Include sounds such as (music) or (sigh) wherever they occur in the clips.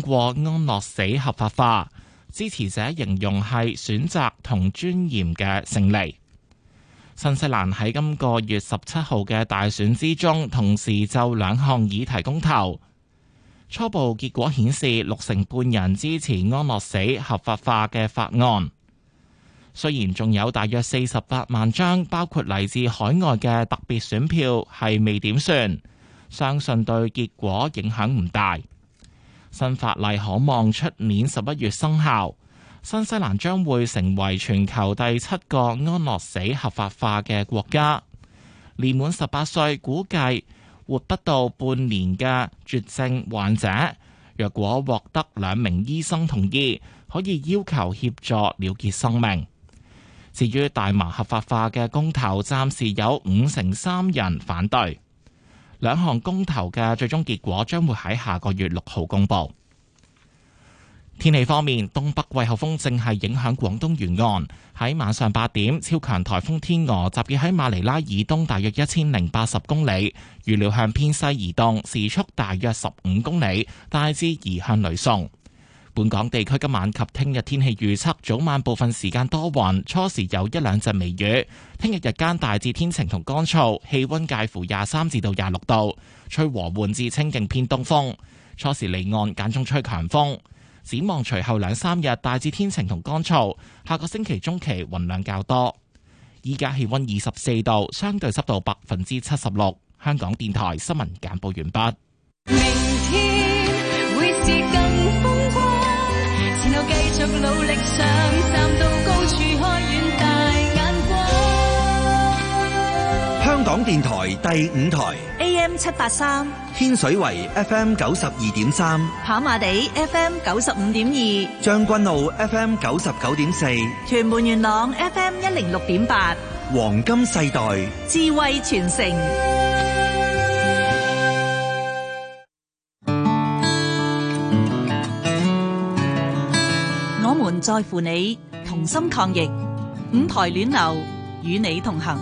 過安樂死合法化，支持者形容係選擇同尊嚴嘅勝利。新西蘭喺今個月十七號嘅大選之中，同時就兩項議題公投。初步結果顯示，六成半人支持安樂死合法化嘅法案。雖然仲有大約四十八萬張，包括嚟自海外嘅特別選票係未點算，相信對結果影響唔大。新法例可望出年十一月生效，新西蘭將會成為全球第七個安樂死合法化嘅國家。年滿十八歲，估計活不到半年嘅絕症患者，若果獲得兩名醫生同意，可以要求協助了結生命。至於大麻合法化嘅公投，暫時有五成三人反對。兩項公投嘅最終結果將會喺下個月六號公布。天氣方面，東北季候風正係影響廣東沿岸。喺晚上八點，超強台風天鵝集結喺馬尼拉以東大約一千零八十公里，預料向偏西移動，時速大約十五公里，大致移向呂宋。本港地區今晚及聽日天氣預測：早晚部分時間多雲，初時有一兩陣微雨。聽日日間大致天晴同乾燥，氣溫介乎廿三至到廿六度，吹和緩至清勁偏東風。初時離岸間中吹強風。展望隨後兩三日大致天晴同乾燥。下個星期中期雲量較多。依家氣溫二十四度，相對濕度百分之七十六。香港電台新聞簡報完畢。香港電台第五台 AM 七八三，天水圍 FM 九十二點三，跑馬地 FM 九十五點二，將軍澳 FM 九十九點四，屯門元朗 FM 一零六點八，黃金世代智慧傳承。我們在乎你，同心抗疫，五台暖流與你同行。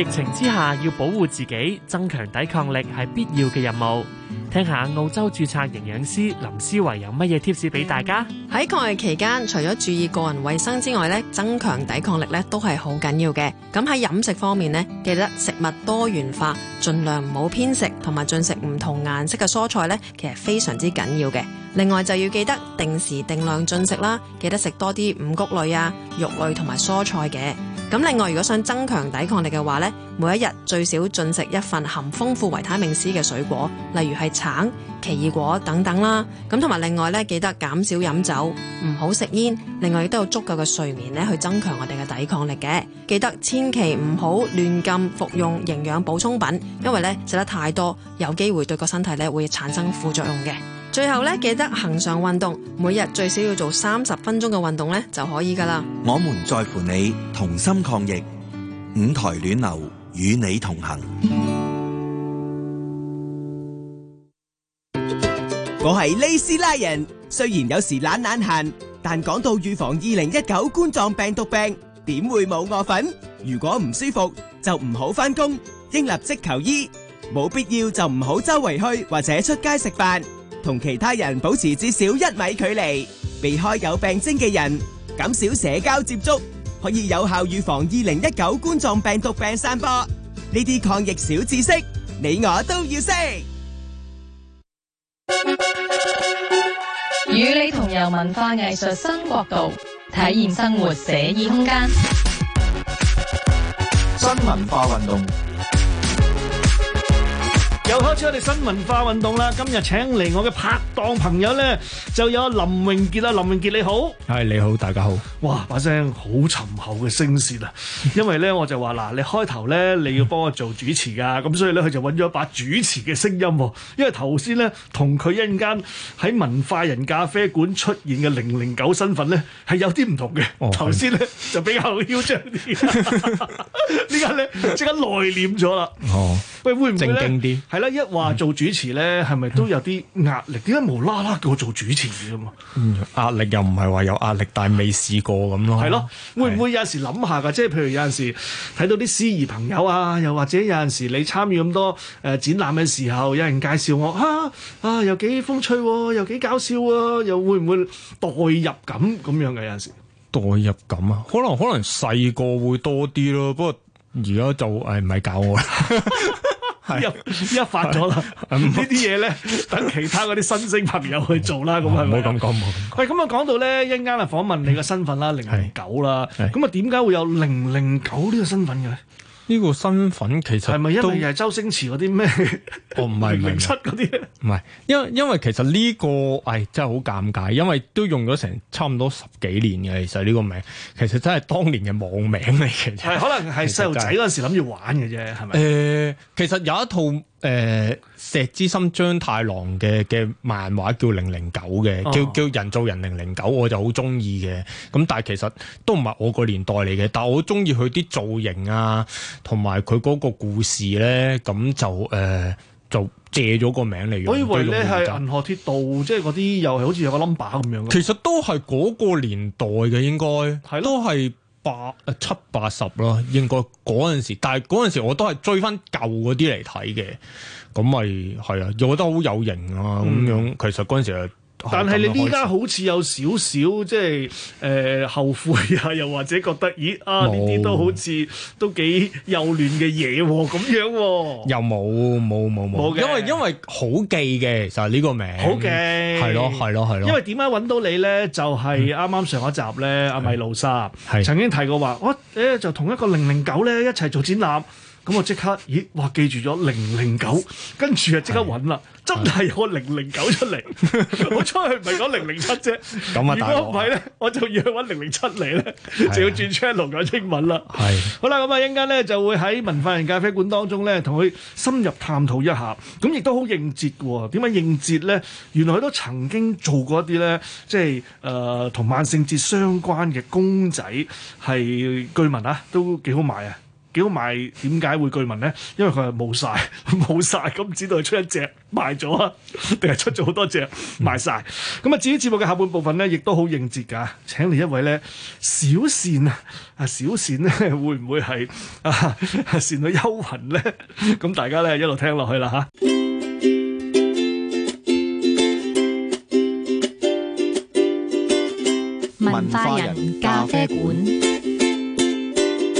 疫情之下，要保護自己、增強抵抗力係必要嘅任務。聽下澳洲注冊營養師林思維有乜嘢貼士 p 俾大家？喺抗疫期間，除咗注意個人衛生之外咧，增強抵抗力咧都係好緊要嘅。咁喺飲食方面咧，記得食物多元化，盡量唔好偏食，食同埋進食唔同顏色嘅蔬菜咧，其實非常之緊要嘅。另外就要記得定時定量進食啦，記得食多啲五谷類啊、肉類同埋蔬菜嘅。咁另外，如果想增強抵抗力嘅話，呢每一日最少進食一份含豐富維他命 C 嘅水果，例如係橙、奇異果等等啦。咁同埋另外呢，記得減少飲酒，唔好食煙。另外亦都有足夠嘅睡眠呢，去增強我哋嘅抵抗力嘅。記得千祈唔好亂咁服用營養補充品，因為呢食得太多，有機會對個身體呢會產生副作用嘅。最後咧，記得恒常運動，每日最少要做三十分鐘嘅運動咧，就可以噶啦。我們在乎你，同心抗疫，五台暖流與你同行。我係李斯拉人，雖然有時懶懶閒，但講到預防二零一九冠狀病毒病，點會冇我份？如果唔舒服，就唔好翻工，應立即求醫。冇必要就唔好周圍去或者出街食飯。同其他人保持至少一米距離，避開有病徵嘅人，減少社交接觸，可以有效預防二零一九冠狀病毒病散播。呢啲抗疫小知識，你我都要識。與你同遊文化藝術新國度，體驗生活寫意空間。新文化運動。又開始我哋新文化運動啦！今日請嚟我嘅拍檔朋友咧，就有林永傑啊，林永傑你好，係，你好，大家好。哇，把聲好沉厚嘅聲線啊！因為咧，我就話嗱，你開頭咧，你要幫我做主持㗎，咁所以咧佢就揾咗一把主持嘅聲音。因為頭先咧同佢一陣間喺文化人咖啡館出現嘅零零九身份咧係有啲唔同嘅，頭先咧就比較囂張啲，依家咧即刻內斂咗啦。哦，喂，會唔會正經啲？係啦，一話做主持咧，係咪都有啲壓力？點解無啦啦叫我做主持噶嘛？嗯，壓力又唔係話有壓力，但係未試過咁咯。係咯，會唔會有陣時諗下噶？即係譬如有陣時睇到啲司儀朋友啊，又或者有陣時你參與咁多誒展覽嘅時候，有人介紹我，吓啊,啊又幾風趣、啊，又幾搞笑啊，又會唔會代入感咁樣嘅？有陣時代入感啊，可能可能細個會多啲咯，不過而家就誒唔係搞我。 (laughs) (laughs) 一一 (laughs) 發咗啦， (laughs) (laughs) (laughs) 呢啲嘢咧，等其他嗰啲新星朋友去做啦，咁啊，唔好咁講。喂，咁啊講到咧，一陣間啊訪問你嘅身份啦，零零九啦，咁啊點解會有零零九呢個身份嘅咧？呢個身份其實係咪一定又係周星馳嗰啲咩？哦，唔係，零七嗰啲？唔係，因為因為其實呢、呢個係、哎、真係好尷尬，因為都用咗成差唔多十幾年嘅，其實呢個名其實真係當年嘅網名嚟嘅。係可能係細路仔嗰陣時諗住玩嘅啫，係咪？誒、呃，其實有一套。誒、呃，石之森章太郎嘅嘅漫畫叫《零零九》嘅，叫叫人造人零零九，我就好中意嘅。咁但係其實都唔係我個年代嚟嘅，但係我中意佢啲造型啊，同埋佢嗰個故事咧，咁就誒、呃，就借咗個名嚟。我以，以為咧係銀河鐵道，即係嗰啲又係好似有個 number 咁樣。其實都係嗰個年代嘅，應該的都係。八誒，七八十啦，應該嗰陣時，但係嗰陣時我都係追翻舊嗰啲嚟睇嘅。咁咪係啊，又覺得好有型啊咁，嗯、樣，其實嗰陣時係。但係你依家好似有少少即係誒、呃、後悔啊，又或者覺得咦啊呢啲有都好似都幾幼嫩嘅嘢咁樣，啊，又冇冇冇冇，冇，因為因為好記嘅就係呢個名，好記嘅係咯係咯係咯，因為點解揾到你咧，就係啱啱上一集咧，阿、嗯、米路沙曾經提過話，我誒的、哦、就同一個零零九咧一齊做展覽。咁我即刻，咦？哇！記住咗零零九，跟住啊，即刻揾啦，真係有個零零九出嚟。 (laughs) 我出去唔係講零零七啫，如果唔係咧， (laughs) 我就要揾零零七嚟咧，是的 就要轉 channel 講英文啦。係。是的 好啦，咁啊，一陣間咧就會喺文化人咖啡館當中咧，同佢深入探討一下。咁亦都好應節嘅喎。點解應節咧？原來佢都曾經做過一啲咧，即係誒同萬聖節相關嘅公仔，係據聞啊，都幾好賣啊。如果賣點解會據聞咧？因為佢係冇晒，冇晒，咁唔知道佢出一隻賣咗啊，定係出咗好多隻賣晒？咁啊、嗯，至於節目嘅下半部分咧，亦都好應節噶，請嚟一位咧小倩，小倩會會啊，啊小倩咧會唔會係啊倩女幽魂咧？咁大家咧一路聽落去啦吓。文化人咖啡館。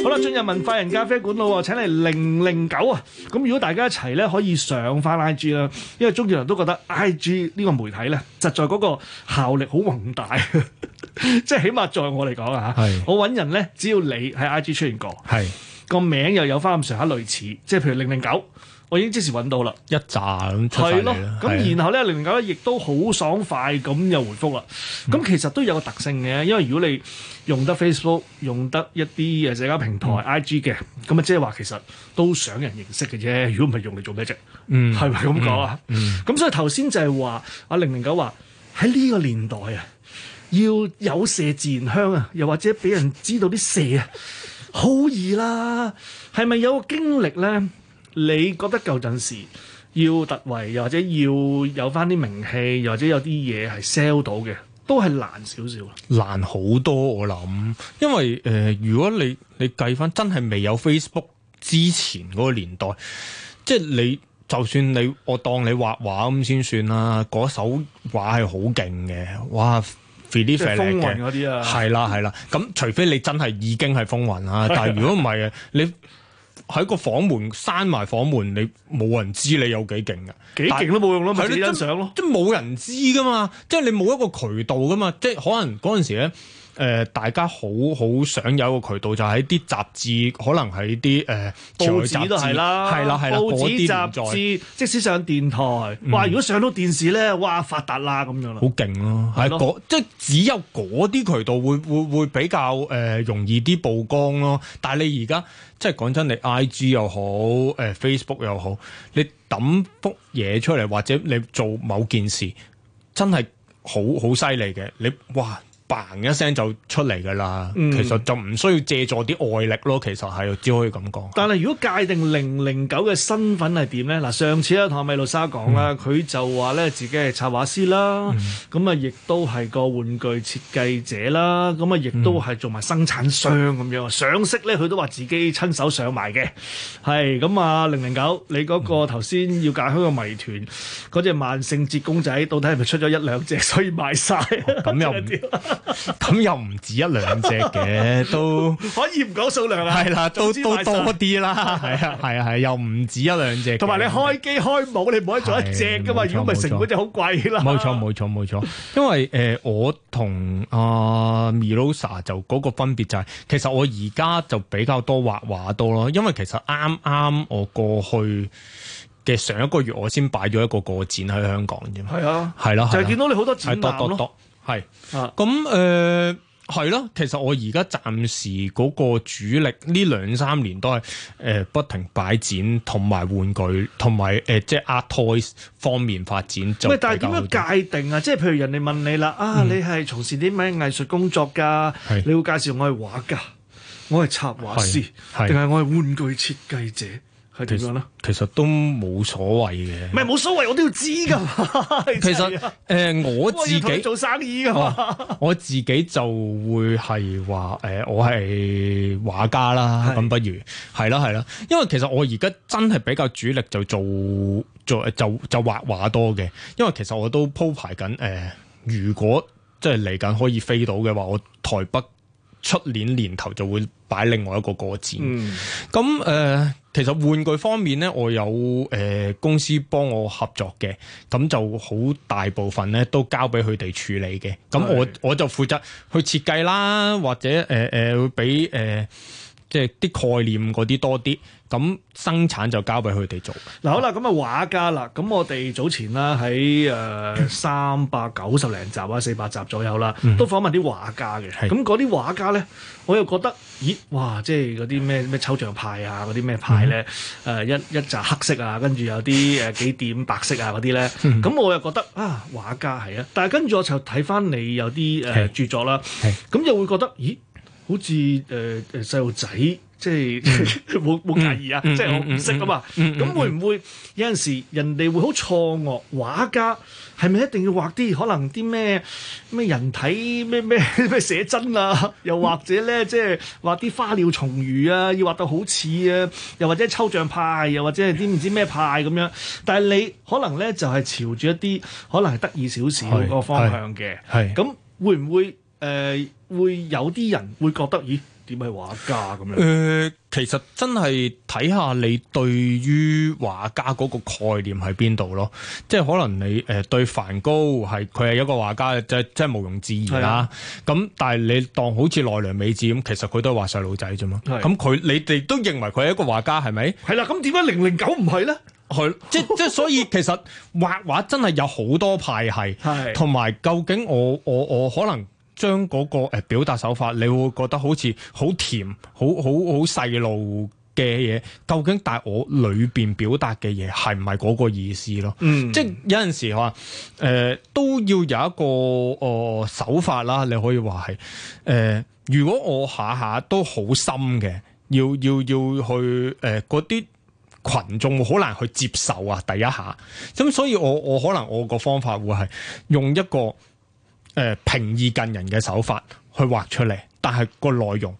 好啦，進入文化人咖啡館啦喎，請嚟零零九啊！咁如果大家一齊咧，可以上翻 I G 啦，因為鍾傑良都覺得 I G 呢個媒體咧，實在嗰個效力好宏大， (laughs) 即係起碼在我嚟講啊，是我揾人咧，只要你喺 I G 出現過，個是名又有翻咁上下類似，即係譬如零零九。我已經即時揾到啦，一紮咁出曬嚟啦。咁然後咧，零零九咧亦都好爽快咁又回覆啦。咁、嗯、其實都有個特性嘅，因為如果你用得 Facebook，用得一啲嘅社交平台，嗯、IG 嘅，咁啊即係話其實都想人認識嘅啫。如果唔係用嚟做咩啫，嗯嗯。嗯，係咪咁講啊？嗯，咁所以頭先就係話阿零零九話喺呢個年代啊，要有麝自然香啊，又或者俾人知道啲麝 (laughs) 啊好易啦。係咪有個經歷咧？你覺得舊陣時要突圍，又或者要有翻啲名氣，又或者有啲嘢係 sell 到嘅，都係難少少咯，難好多我諗。因為誒、呃，如果你你計翻真係未有 Facebook 之前嗰個年代，即係你就算你我當你畫畫咁先算啦，嗰首畫係好勁嘅，哇！very very 嘅，風雲嗰啲啊，係啦係啦。咁除非你真係已經係風雲啊， (laughs) 但係如果唔係你。喺個房門閂埋房門，你冇人知你有幾勁噶，幾勁都冇用咯，咪欣賞咯，即係冇人知噶嘛，即係你冇一個渠道噶嘛，即係可能嗰陣時咧，誒大家好好想有一個渠道，就喺啲雜誌，可能喺啲誒報紙都係啦，係啦係啦，報紙雜誌，即使上電台，哇！如果上到電視咧，哇！發達啦咁樣啦，好勁咯，係即係只有嗰啲渠道會會會比較誒容易啲曝光咯，但係你而家。即係講真，你 I G 又好，誒、呃、Facebook 又好，你抌幅嘢出嚟，或者你做某件事，真係好好犀利嘅，你哇！bang 一聲就出嚟噶啦，其實就唔需要借助啲外力咯。其實係只可以咁講。但係如果界定零零九嘅身份係點咧？嗱，上次咧，同阿米露莎講啦，佢就話咧自己係插畫師啦，咁啊亦都係個玩具設計者啦，咁啊亦都係做埋生產商咁樣。上色咧，佢都話自己親手上埋嘅。係咁啊，零零九，你嗰個頭先要解開個謎團，嗰隻萬聖節公仔到底係咪出咗一兩隻，所以賣晒？咁又唔知？咁 (laughs) 又唔止一兩隻嘅，都 (laughs) 可以唔講數量、啊、啦，係啦，都都多啲啦，係啊，係啊，係又唔止一兩隻，同埋你開機開冇，你唔可以做一隻噶嘛，如果唔係成本就好貴啦。冇錯，冇錯，冇錯，因為誒、呃，我同阿、呃、Mirosa 就嗰個分別就係、是，其實我而家就比較多畫畫多咯，因為其實啱啱我過去嘅上一個月，我先擺咗一個個展喺香港啫，係啊，係啦，就係見到你好多展係，咁誒係咯。其實我而家暫時嗰個主力呢兩三年都係誒、呃、不停擺展同埋玩具同埋誒，即係 art toys 方面發展就。喂，但係點樣界定啊？即係譬如人哋問你啦，嗯、啊，你係從事啲咩藝術工作噶？係你會介紹我係畫家，我係插畫師，定係我係玩具設計者？係其，其實都冇所謂嘅。唔係冇所謂，我都要知噶。 (laughs) 其實誒，啊、我自己做生意噶嘛， (laughs) 我自己就會係話誒，我係畫家啦。咁不如係啦，係啦的。因為其實我而家真係比較主力就做做就就畫畫多嘅。因為其實我都鋪排緊誒、呃，如果即係嚟緊可以飛到嘅話，我台北。出年年頭就會擺另外一個個展，咁誒、嗯呃、其實玩具方面咧，我有誒、呃、公司幫我合作嘅，咁就好大部分咧都交俾佢哋處理嘅，咁我我就負責去設計啦，或者誒誒會俾誒即係啲概念嗰啲多啲。咁生產就交俾佢哋做。嗱好啦，咁啊畫家啦，咁我哋早前啦喺誒三百九十零集啊四百集左右啦，都訪問啲畫家嘅。咁嗰啲畫家咧，我又覺得，咦哇，即係嗰啲咩咩抽象派啊，嗰啲咩派咧，誒、嗯呃、一一扎黑色啊，跟住有啲誒、呃、幾點白色啊嗰啲咧，咁我又覺得啊，畫家係啊，但係跟住我就睇翻你有啲誒、呃、著作啦，咁、嗯嗯、又會覺得，咦，好似誒誒細路仔。呃呃即係冇冇介意啊！嗯、即係我唔識啊嘛，咁、嗯嗯嗯、會唔會有陣時人哋會好錯愕？畫家係咪一定要畫啲可能啲咩咩人體咩咩咩寫真啊？又或者咧，即係畫啲花鳥蟲魚啊，要畫到好似啊？又或者抽象派，又或者係啲唔知咩派咁樣？但係你可能咧就係朝住一啲可能係得意少少個方向嘅，係、咁會唔會誒、呃、會有啲人會覺得咦？呃點係畫家咁樣？誒、呃，其實真係睇下你對於畫家嗰個概念喺邊度咯。即係可能你誒、呃、對梵高係佢係一個畫家，即係即係毋庸置疑啦、啊。咁、啊、但係你當好似奈良美智咁，其實佢都係畫細路仔啫嘛。咁佢、啊、你哋都認為佢係一個畫家係咪？係啦。咁點解零零九唔係咧？係、啊、 (laughs) 即即所以其實畫畫真係有好多派系，同埋、啊、究竟我我我，我可能？將嗰個誒表達手法，你會覺得好似好甜，好好好細路嘅嘢，究竟但係我裏邊表達嘅嘢係唔係嗰個意思咯？嗯，即係有陣時話誒、呃、都要有一個誒、呃、手法啦，你可以話係誒，如果我下下都好深嘅，要要要去誒嗰啲群眾好難去接受啊，第一下，咁、嗯、所以我我可能我個方法會係用一個。誒，平易近人嘅手法去畫出嚟，但係個內容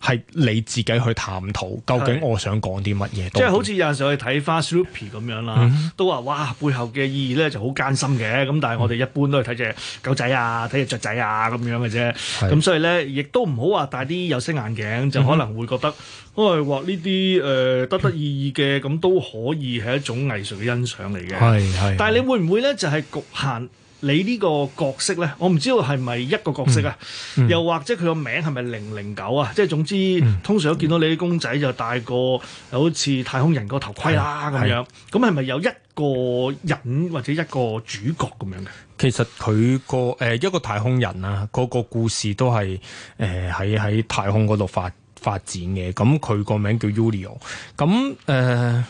係你自己去探討，究竟我想講啲乜嘢。即係好似有陣時去睇翻 Sloopy 咁樣啦，嗯、哼都話哇背後嘅意義咧就好艱辛嘅，咁但係我哋一般都係睇隻狗仔啊，睇隻雀仔啊咁樣嘅啫。咁的所以咧，亦都唔好話戴啲有色眼鏡，就可能會覺得，喂、嗯哼，為畫呢啲誒得得意意嘅，咁都可以係一種藝術嘅欣賞嚟嘅。係係的，的但係你會唔會咧，就係局限？你呢個角色咧，我唔知道係咪一個角色啊？嗯嗯、又或者佢個名係咪零零九啊？即、就、係、是、總之，嗯嗯、通常都見到你啲公仔就戴個，好似、嗯、太空人個頭盔啦、啊、咁、嗯嗯、樣。咁係咪有一個人或者一個主角咁樣嘅？其實佢、那個誒、呃、一個太空人啊，個個故事都係誒喺喺太空嗰度發發展嘅。咁佢個名叫 Ulio。咁、呃、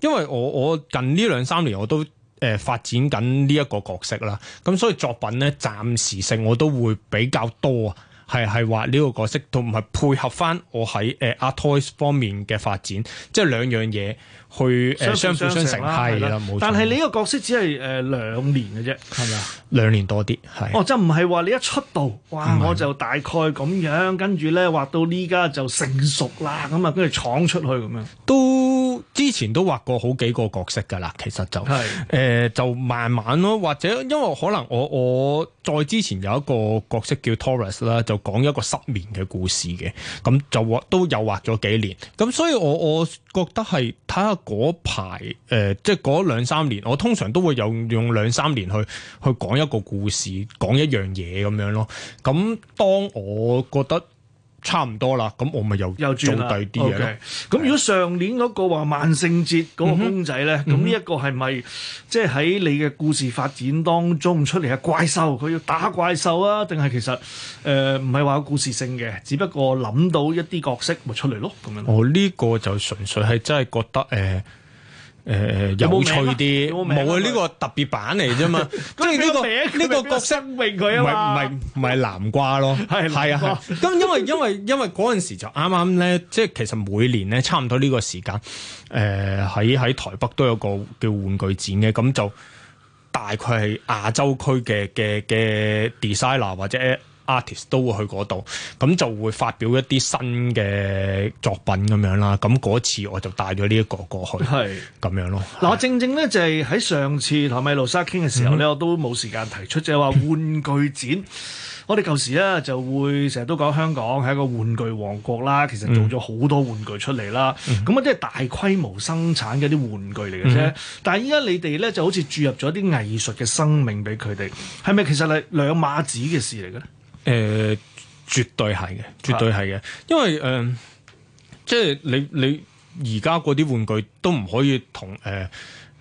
誒，因為我我近呢兩三年我都誒、呃、發展緊呢一個角色啦，咁、嗯、所以作品咧暫時性我都會比較多啊，係係話呢個角色同埋配合翻我喺誒、呃、art toys 方面嘅發展，即係兩樣嘢。去呃、相輔相成係啦，啦啦但係你個角色只係誒兩年嘅啫，係咪啊？兩年多啲係，哦，就唔係話你一出道哇不是 我就大概咁樣，跟住咧畫到呢家就成熟啦，咁啊跟住闖出去咁樣。都之前都畫過好幾個角色噶啦，其實就係誒的、呃、就慢慢咯，或者因為可能我我再之前有一個角色叫 Torres 啦，就講一個失眠嘅故事嘅，咁就都有畫咗幾年，咁所以我我。覺得係睇下嗰排誒、呃，即係嗰兩三年，我通常都會有用兩三年去去講一個故事，講一樣嘢咁樣咯。咁當我覺得差唔多啦，咁我咪又，又做第啲嘢咧。咁 Okay.、嗯、如果上年嗰個話萬聖節嗰個公仔咧，咁呢一個係咪即係喺你嘅故事發展當中出嚟嘅怪獸？佢要打怪獸啊，定係其實誒唔係話有故事性嘅，只不過諗到一啲角色咪出嚟咯咁樣。我呢、哦這個就純粹係真係覺得誒。呃誒、呃、有趣啲，冇點啊！呢個特別版嚟啫嘛，咁你呢個呢個角色明佢啊唔係唔係唔係南瓜咯，係係 (laughs) 啊！咁因為因為因為嗰陣時就啱啱咧，即係其實每年咧，差唔多呢個時間，誒喺喺台北都有個叫玩具展嘅，咁就大概係亞洲區嘅嘅嘅 designer 或者。Artist 都會去嗰度，咁就會發表一啲新嘅作品咁樣啦。咁嗰次我就帶咗呢一個過去，係咁是樣咯。嗱是，正正咧就係、是、喺上次同米盧莎傾嘅時候咧，嗯、哼我都冇時間提出，就係話玩具展。 (laughs) 我哋舊時咧就會成日都講香港係一個玩具王國啦，其實做咗好多玩具出嚟啦。咁啊、嗯哼，即係大規模生產嘅啲玩具嚟嘅啫。嗯、哼但係依家你哋咧就好似注入咗啲藝術嘅生命俾佢哋，係咪其實係兩碼子嘅事嚟嘅咧？誒、呃，絕對係嘅，絕對係嘅，因為誒、呃，即係你你而家嗰啲玩具都唔可以同誒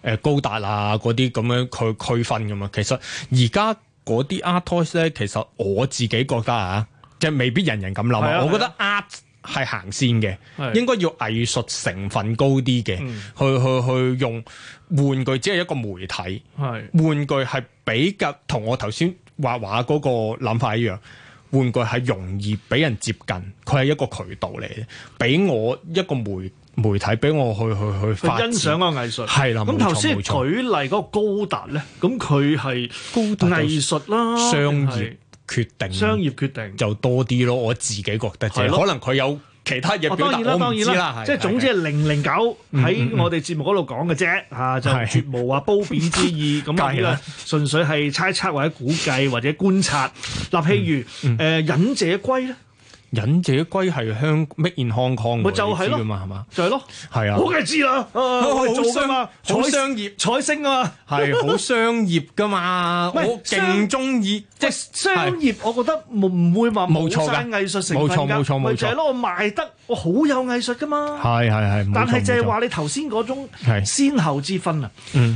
誒高達啊嗰啲咁樣去區分噶嘛？其實而家嗰啲 art toys 咧，其實我自己覺得啊，即係未必人人咁諗、啊、我覺得 art 係行先嘅，啊、應該要藝術成分高啲嘅、啊，去去去用玩具只係一個媒體，係、啊、玩具係比較同我頭先。畫畫嗰個諗法一樣，玩具係容易俾人接近，佢係一個渠道嚟嘅，俾我一個媒媒體，俾我去去去，去欣賞個藝術係啦，咁頭先舉例嗰個高達咧，咁佢係高達藝術啦，商業決定商業決定就多啲咯，我自己覺得啫，的可能佢有。其他嘢，我、哦、當然啦，即係總之係零零九喺我哋節目嗰度講嘅啫，嚇就絕無話褒貶之意，咁樣是麼純粹係猜測或者估計或者觀察。例、嗯、如，誒忍、嗯呃、者龜咧。忍者龜係香 make in Hong Kong，咪就係咯嘛，係嘛？就係咯，係啊！我梗係知啦，佢好商業，好商業，彩星啊嘛，係好商業噶嘛，我勁中意即商業，我覺得唔會話冇錯噶藝術成分噶，冇錯冇錯冇錯，咪就係咯，賣得我好有藝術噶嘛，係係係。但係就係話你頭先嗰種先後之分啊，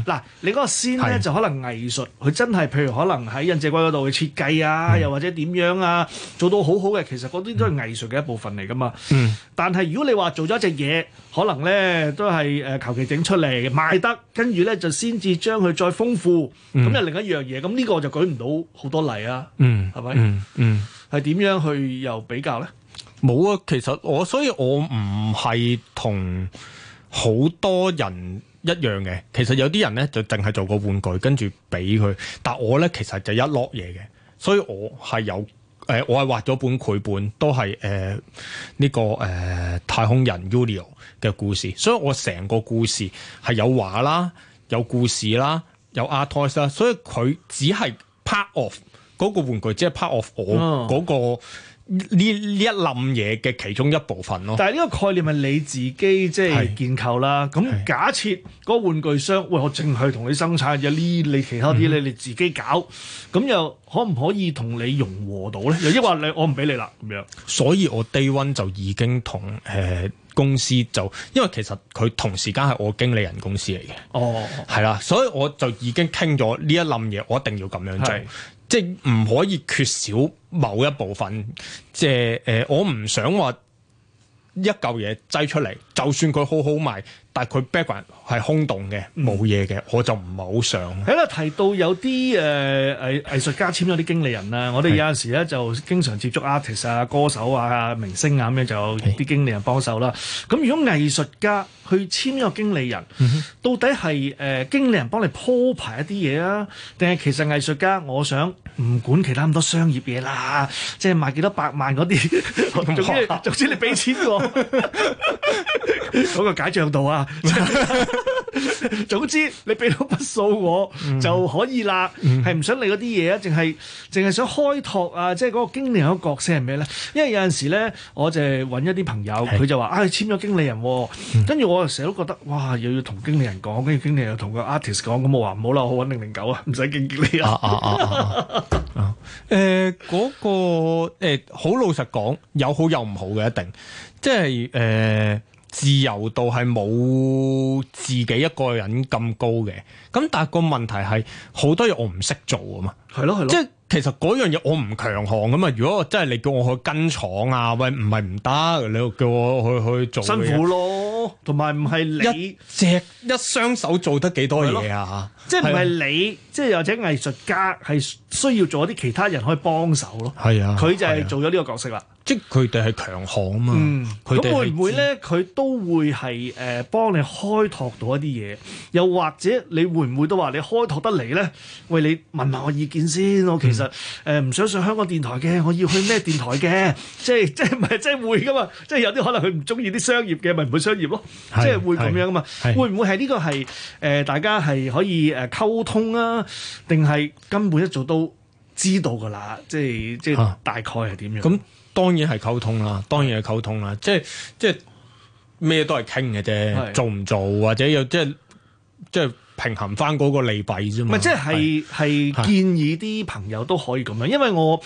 嗱，你嗰個先咧就可能藝術，佢真係譬如可能喺忍者龜嗰度去設計啊，又或者點樣啊，做到好好嘅，其實嗰啲。都係藝術嘅一部分嚟噶嘛？嗯、但係如果你話做咗一隻嘢，可能咧都係誒，求其整出嚟賣得，跟住咧就先至將佢再豐富，咁、嗯、又另一樣嘢。咁呢個就舉唔到好多例啊。嗯，係咪吧、嗯？嗯嗯，係點樣去又比較咧？冇啊，其實我所以我唔係同好多人一樣嘅。其實有啲人咧就淨係做個玩具，跟住俾佢。但我咧其實就一落嘢嘅，所以我係有。誒、呃，我係畫咗本繪本，都係誒呢個誒、呃、太空人 Ulysses 嘅故事，所以我成個故事係有畫啦，有故事啦，有 art toys 啦，所以佢只係 part of 嗰個玩具，只係 part of 我嗰、那個。哦呢呢一冧嘢嘅其中一部分咯，但係呢個概念係你自己即係建構啦。咁是假設個玩具箱，喂，我淨係同你生產有呢，你其他啲你你自己搞，咁、嗯、又可唔可以同你融和到咧？又抑或你我唔俾你啦咁樣？所以我低 a 就已經同誒。呃公司就，因為其實佢同時間係我經理人公司嚟嘅、哦，哦，係啦，所以我就已經傾咗呢一冧嘢，我一定要咁樣做，的即係唔可以缺少某一部分，即係誒、呃，我唔想話一嚿嘢擠出嚟，就算佢好好賣。但佢 background 係空洞嘅，冇嘢嘅，我就唔係好想、啊。係啦， (music) 提到有啲誒藝藝術家簽咗啲經理人啦，我哋有陣時咧就經常接觸 artist 啊、歌手啊、明星啊咁樣就啲經理人幫手啦。咁如果藝術家去簽一個經理人，到底係誒經理人幫你鋪排一啲嘢啊，定係其實藝術家我想唔管其他咁多商業嘢啦，即係賣幾多百萬啲， (laughs) 總之總之你俾錢個嗰解像度啊？ (laughs) 總之你俾到筆數我就可以啦，係唔、嗯嗯、想理嗰啲嘢啊？淨係淨係想開拓啊！即係嗰個經理人個角色係咩咧？因為有陣時咧，我就係揾一啲朋友，佢是就話，唉、啊，簽咗經理人、啊，跟住、嗯、我就成日都覺得，哇，又要同經理人講，跟住經理人又同個 artist 講，咁我話唔好啦，我搵零零九啊，唔使經理啊。啊誒，嗰個誒，好、呃、老實講，有好有唔好嘅，一定即係誒。呃嗯自由度係冇自己一個人咁高嘅，咁但係個問題係好多嘢我唔識做啊嘛，係咯係咯，即係其實嗰樣嘢我唔強項咁嘛。如果真係你叫我去跟廠啊，喂，唔係唔得，你叫我去去做，辛苦咯，同埋唔係你一隻一雙手做得幾多嘢啊？即係唔係你，即係或者藝術家係需要做一啲其他人可以幫手咯。係啊，佢就係做咗呢個角色啦。即係佢哋係強項啊嘛。嗯，咁會唔會咧？佢都會係誒幫你開拓到一啲嘢，又或者你會唔會都話你開拓得嚟咧？喂，你問下我意見先。我其實誒唔想上香港電台嘅，我要去咩電台嘅？即係即係唔係即係會噶嘛？即係有啲可能佢唔中意啲商業嘅，咪唔會商業咯？即係會咁樣啊嘛？會唔會係呢個係誒大家係可以？誒，溝通啊，定係根本一早都知道噶啦，即係即係大概係點樣？咁、啊、當然係溝通啦，當然係溝通啦，即係即係咩都係傾嘅啫，是的 做唔做或者又即係即係。平衡翻嗰個利弊啫嘛，唔係即係係建議啲朋友都可以咁樣，因為我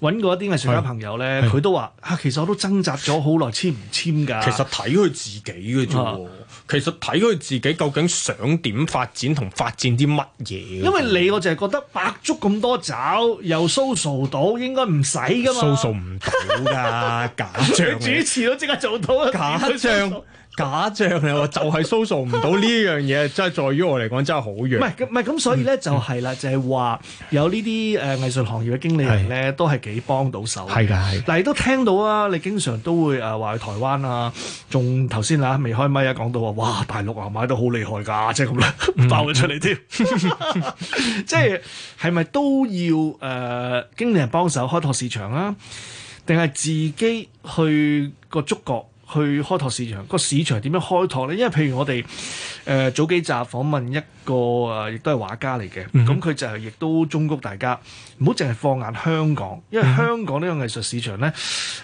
揾過一啲藝術家朋友咧，佢都話啊，其實我都掙扎咗好耐，簽唔簽㗎。其實睇佢自己嘅啫，其實睇佢自己究竟想點發展同發展啲乜嘢。因為你我淨係覺得百足咁多爪又 search 到，應該唔使噶嘛 search 唔到㗎，假象。你主持都即刻做到假象。假象啦，你就 (laughs) 我就係 search 唔到呢樣嘢，真係在於我嚟講真係好遠。唔係唔係咁，所以咧就係、是、啦，嗯、就係話有呢啲誒藝術行業嘅經理人咧，都係幾幫到手。係㗎，係。嗱，你都聽到啊，你經常都會誒話去台灣啊，仲頭先啊，未開咪啊，講到話哇，大陸啊買得好厲害㗎，即係咁樣爆佢出嚟添。嗯，即係係咪都要誒、呃、經理人幫手開拓市場啊？定係自己去個觸角？去開拓市場，個市場點樣開拓咧？因為譬如我哋誒、呃、早幾集訪問一個啊、呃，亦都係畫家嚟嘅，咁佢、嗯、哼就係亦都忠告大家，唔好淨係放眼香港，因為香港呢個藝術市場咧，誒、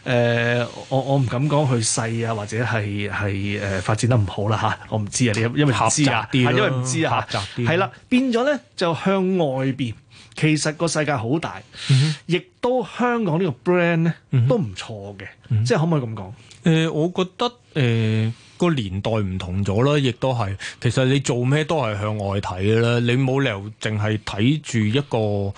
呃，我我唔敢講佢細啊，或者係係誒發展得唔好啦、啊、嚇，我唔知，啊、知啊，呢因為狹窄啲，因為唔知啊，狹窄啲、係啦，變咗咧就向外邊。其實個世界好大，亦、嗯、哼都香港個呢個 brand 咧都唔錯嘅，嗯、哼即係可唔可以咁講？誒、呃，我覺得誒個、呃、年代唔同咗啦，亦都係其實你做咩都係向外睇嘅啦，你冇理由淨係睇住一個。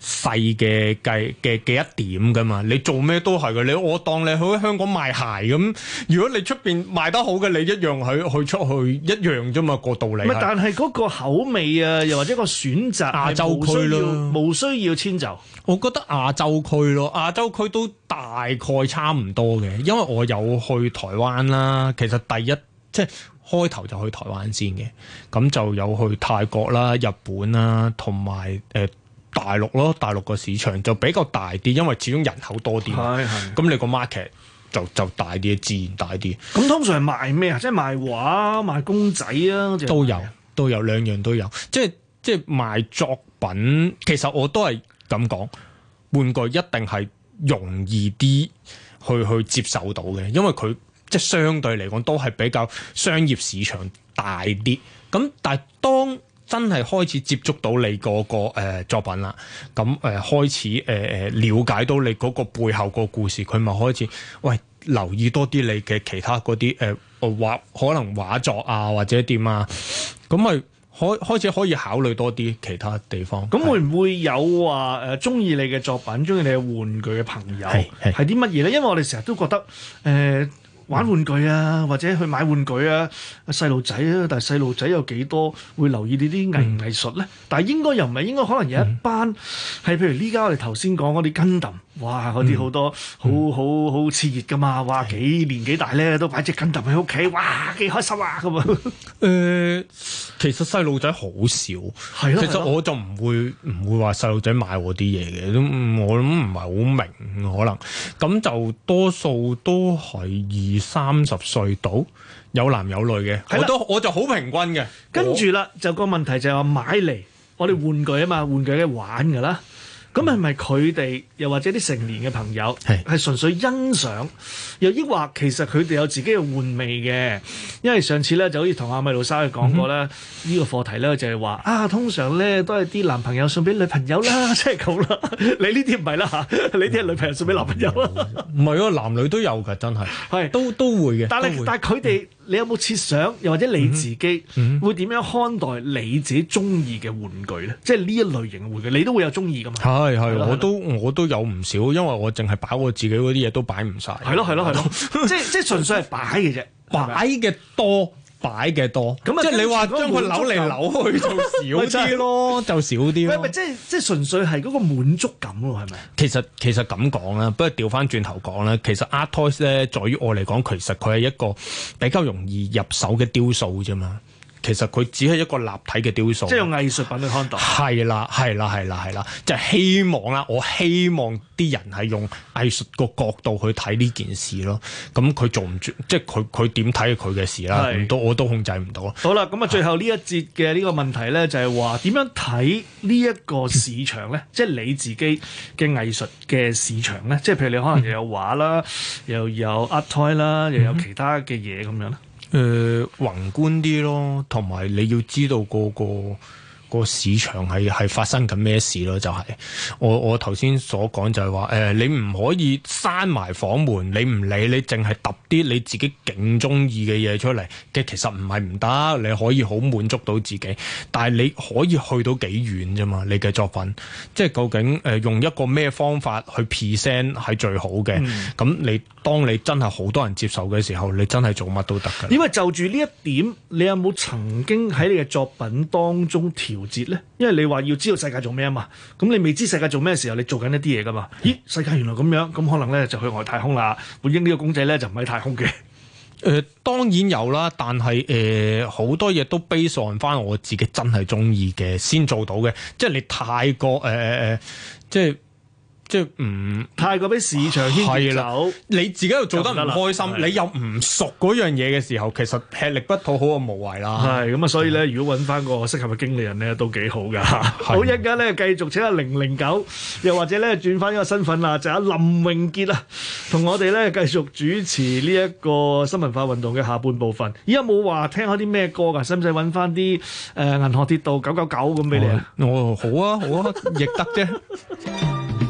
細嘅計嘅嘅一點噶嘛，你做咩都係嘅。你我當你去香港賣鞋咁，如果你出邊賣得好嘅，你一樣去去出去一樣啫嘛，個道理。唔係，但係嗰個口味啊，又或者個選擇亞洲區咯，冇需要遷就。我覺得亞洲區咯，亞洲區都大概差唔多嘅，因為我有去台灣啦。其實第一即係開頭就去台灣先嘅，咁就有去泰國啦、日本啦，同埋誒。大陸咯，大陸個市場就比較大啲，因為始終人口多啲。係係是是。咁你個 market 就就大啲，自然大啲。咁通常係賣咩啊？即係賣畫、賣公仔啊？都有，都有兩樣都有。即係即係賣作品，其實我都係咁講，玩具一定係容易啲去去接受到嘅，因為佢即係相對嚟講都係比較商業市場大啲。咁但係當真係開始接觸到你嗰個誒作品啦，咁誒開始誒誒瞭解到你嗰個背後個故事，佢咪開始喂留意多啲你嘅其他嗰啲誒畫可能畫作啊或者點啊，咁咪開開始可以考慮多啲其他地方。咁會唔會有話誒中意你嘅作品、中意的你嘅玩具嘅朋友係啲乜嘢咧？因為我哋成日都覺得誒。呃玩玩具啊，或者去買玩具啊，細路仔啊，但係細路仔有幾多會留意呢啲藝唔藝術咧？嗯、但係應該又唔係，應該可能有一班係，嗯、譬如呢家我哋頭先講嗰啲 Gundam。哇！嗰啲、嗯、好多好好好熾熱㗎嘛，哇幾年紀大咧都擺隻 Gundam 喺屋企，哇幾開心啊咁樣！誒、呃，其實細路仔好少，係咯的。其實我就唔會唔的會話細路仔買我啲嘢嘅，都我諗唔係好明，可能咁就多數都係二三十歲到有男有女嘅，我都，的我，我就好平均嘅。的我跟住啦，就個問題就係話買嚟，我哋玩具啊嘛，玩具咧玩㗎啦。咁係咪佢哋又或者啲成年嘅朋友係是純粹欣賞，又抑或其實佢哋有自己嘅玩味嘅？因為上次咧就好似同阿米老生去講過咧，呢、嗯、哼個課題咧就係話啊，通常咧都係啲男朋友送俾女朋友啦，即係咁啦。呃、你呢啲唔係啦嚇，你啲係女朋友送俾男朋友。啦，唔係啊，男女都有㗎，真係係是都都會嘅。但係但係佢哋。你有冇設想，又或者你自己會點樣看待你自己中意嘅玩具咧？即係呢一類型嘅玩具，你都會有中意噶嘛？係係啦，我都我都有唔少，因為我淨係擺我自己嗰啲嘢都擺唔晒。係咯係咯係咯，即係即係純粹係擺嘅啫， (laughs) 擺嘅多。擺嘅多，即係你話將佢扭嚟扭去就少啲咯，就少啲咯。唔係唔係即係即係純粹係嗰個滿足感咯，係咪？其實其實咁講啦，不過調翻轉頭講啦，其實 Art Toys 咧，在於我嚟講，其實佢係一個比較容易入手嘅雕塑啫嘛。其實佢只係一個立體嘅雕塑，即係用藝術品去看待。係啦，係啦，係啦，係啦，就係希望啦，我希望啲人係用藝術個角度去睇呢件事咯。咁佢做唔住，即係佢佢點睇佢嘅事啦。咁都是我都控制唔到。好啦，咁啊，最後呢一節嘅呢個問題咧，就係話點樣睇呢一個市場咧？即係 (laughs) 你自己嘅藝術嘅市場咧？即、就、係、是、譬如你可能有畫 (laughs) 又有畫啦，又有 art toy 啦，又有其他嘅嘢咁樣咧。誒、呃、宏觀啲咯，同埋你要知道個個。個市場係係發生緊咩事咯？就係、是，我我頭先所講就係話誒，你唔可以閂埋房門，你唔理，你淨係揼啲你自己勁中意嘅嘢出嚟嘅，其實唔係唔得，你可以好滿足到自己。但係你可以去到幾遠啫嘛？你嘅作品即係究竟誒用一個咩方法去 present 係最好嘅？咁、嗯、你當你真係好多人接受嘅時候，你真係做乜都得㗎。因為就住呢一點，你有冇曾經喺你嘅作品當中調節咧，因為你話要知道世界做咩啊嘛？咁你未知世界做咩嘅時候，你做緊一啲嘢噶嘛？咦，世界原來咁樣，咁可能咧就去外太空啦。本應呢個公仔咧就唔喺太空嘅。誒、呃，當然有啦，但係誒好多嘢都 base on 翻我自己真係中意嘅先做到嘅，即係你太過誒誒，即係。即係唔、嗯、太過俾市場牽住走，你自己又做得唔開心，你又唔熟嗰樣嘢嘅時候，其實吃力不討好啊，無謂啦。係咁啊，所以咧，的如果揾翻個適合嘅經理人咧，都幾好噶。的好，一陣間咧繼續請下零零九，又或者咧轉翻呢個身份、就是、啊，啊，就阿林永杰啊，同我哋咧繼續主持呢一個新文化運動嘅下半部分。而家冇話聽下啲咩歌噶，使唔使揾翻啲誒銀河鐵道九九九咁俾你啊？哦，好啊，好啊，亦得啫。 (laughs) (laughs)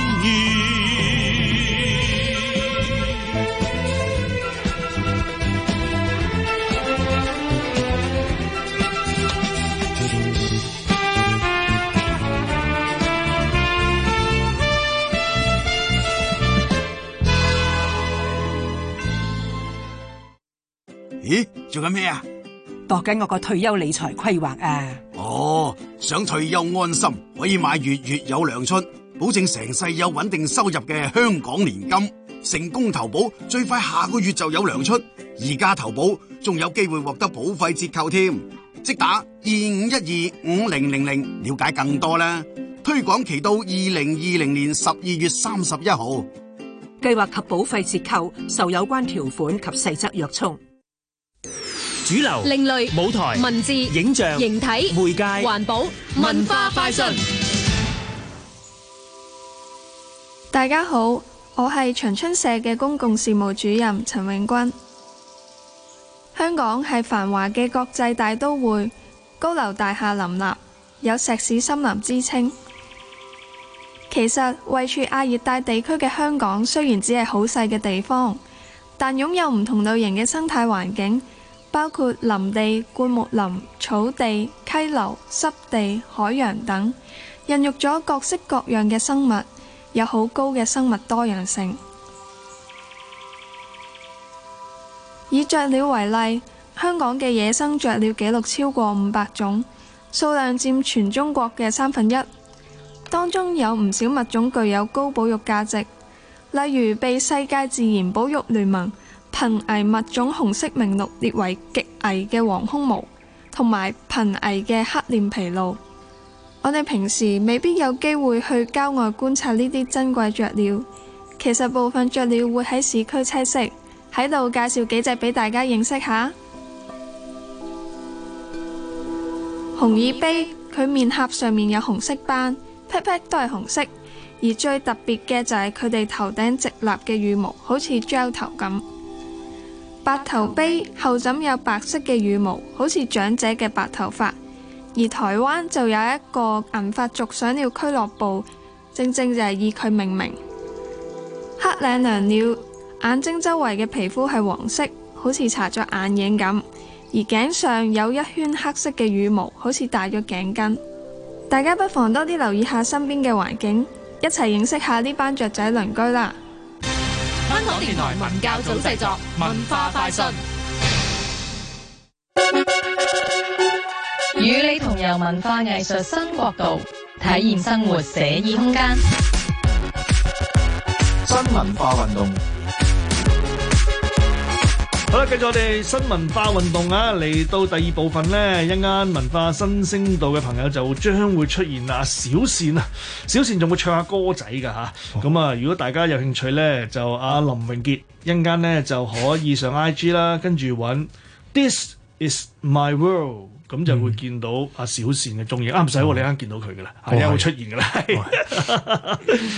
咦，做緊咩啊？度緊我個退休理財規劃啊！哦，想退休安心，可以買月月有糧出，保證成世有穩定收入嘅香港年金。成功投保最快下個月就有糧出，而家投保仲有機會獲得保費折扣添。即打二五一二五零零零，了解更多啦。推廣期到二零二零年十二月三十一號，計劃及保費折扣受有關條款及細則約束。主流、另類舞台、文字、影像、形體、媒介、環保、文化快訊。大家好，我係長春社嘅公共事務主任陳永軍。香港係繁華嘅國際大都會，高樓大廈林立，有石屎森林之稱。其實位處亞熱帶地區嘅香港，雖然只係好細嘅地方，但擁有唔同類型嘅生態環境。包括林地、灌木林、草地、溪流、濕地、海洋等，孕育咗各式各樣嘅生物，有好高嘅生物多樣性。 (noise) 以雀鳥為例，香港嘅野生雀鳥紀錄超過五百種，數量占全中國嘅三分一，當中有唔少物種具有高保育價值，例如被世界自然保育聯盟。瀕危物種紅色名錄列為極危嘅黃胸毛，同埋瀕危嘅黑臉琵鷺。我哋平時未必有機會去郊外觀察呢啲珍貴雀鳥。其實部分雀鳥會喺市區棲息，喺度介紹幾隻俾大家認識下。紅耳鵯，佢面頰上面有紅色斑，撇撇都係紅色，而最特別嘅就係佢哋頭頂直立嘅羽毛，好似焦頭咁。白頭鵯後枕有白色嘅羽毛，好似長者嘅白頭髮；而台灣就有一個銀髮族賞鳥俱樂部，正正就係以佢命名。黑領椋鳥眼睛周圍嘅皮膚係黃色，好似搽咗眼影咁；而頸上有一圈黑色嘅羽毛，好似戴咗頸巾。大家不妨多啲留意下身邊嘅環境，一齊認識下呢班雀仔鄰居啦！香港電台文教組製作，文化快訊，與你同遊文化藝術新國度，體驗生活寫意空間，新文化運動。好啦，繼續我哋新文化運動啊，嚟到第二部分呢，一陣間文化新星道嘅朋友就將會出現啊。小倩啊，小倩仲會唱下歌仔噶吓，咁啊，如果大家有興趣呢，就阿、啊、林永杰，一陣間呢就可以上 IG 啦，跟住搵 This is my world。咁就會見到阿小倩嘅蹤影，啱唔使喎，你啱、啊、見到佢噶啦，又、哦、出現噶啦。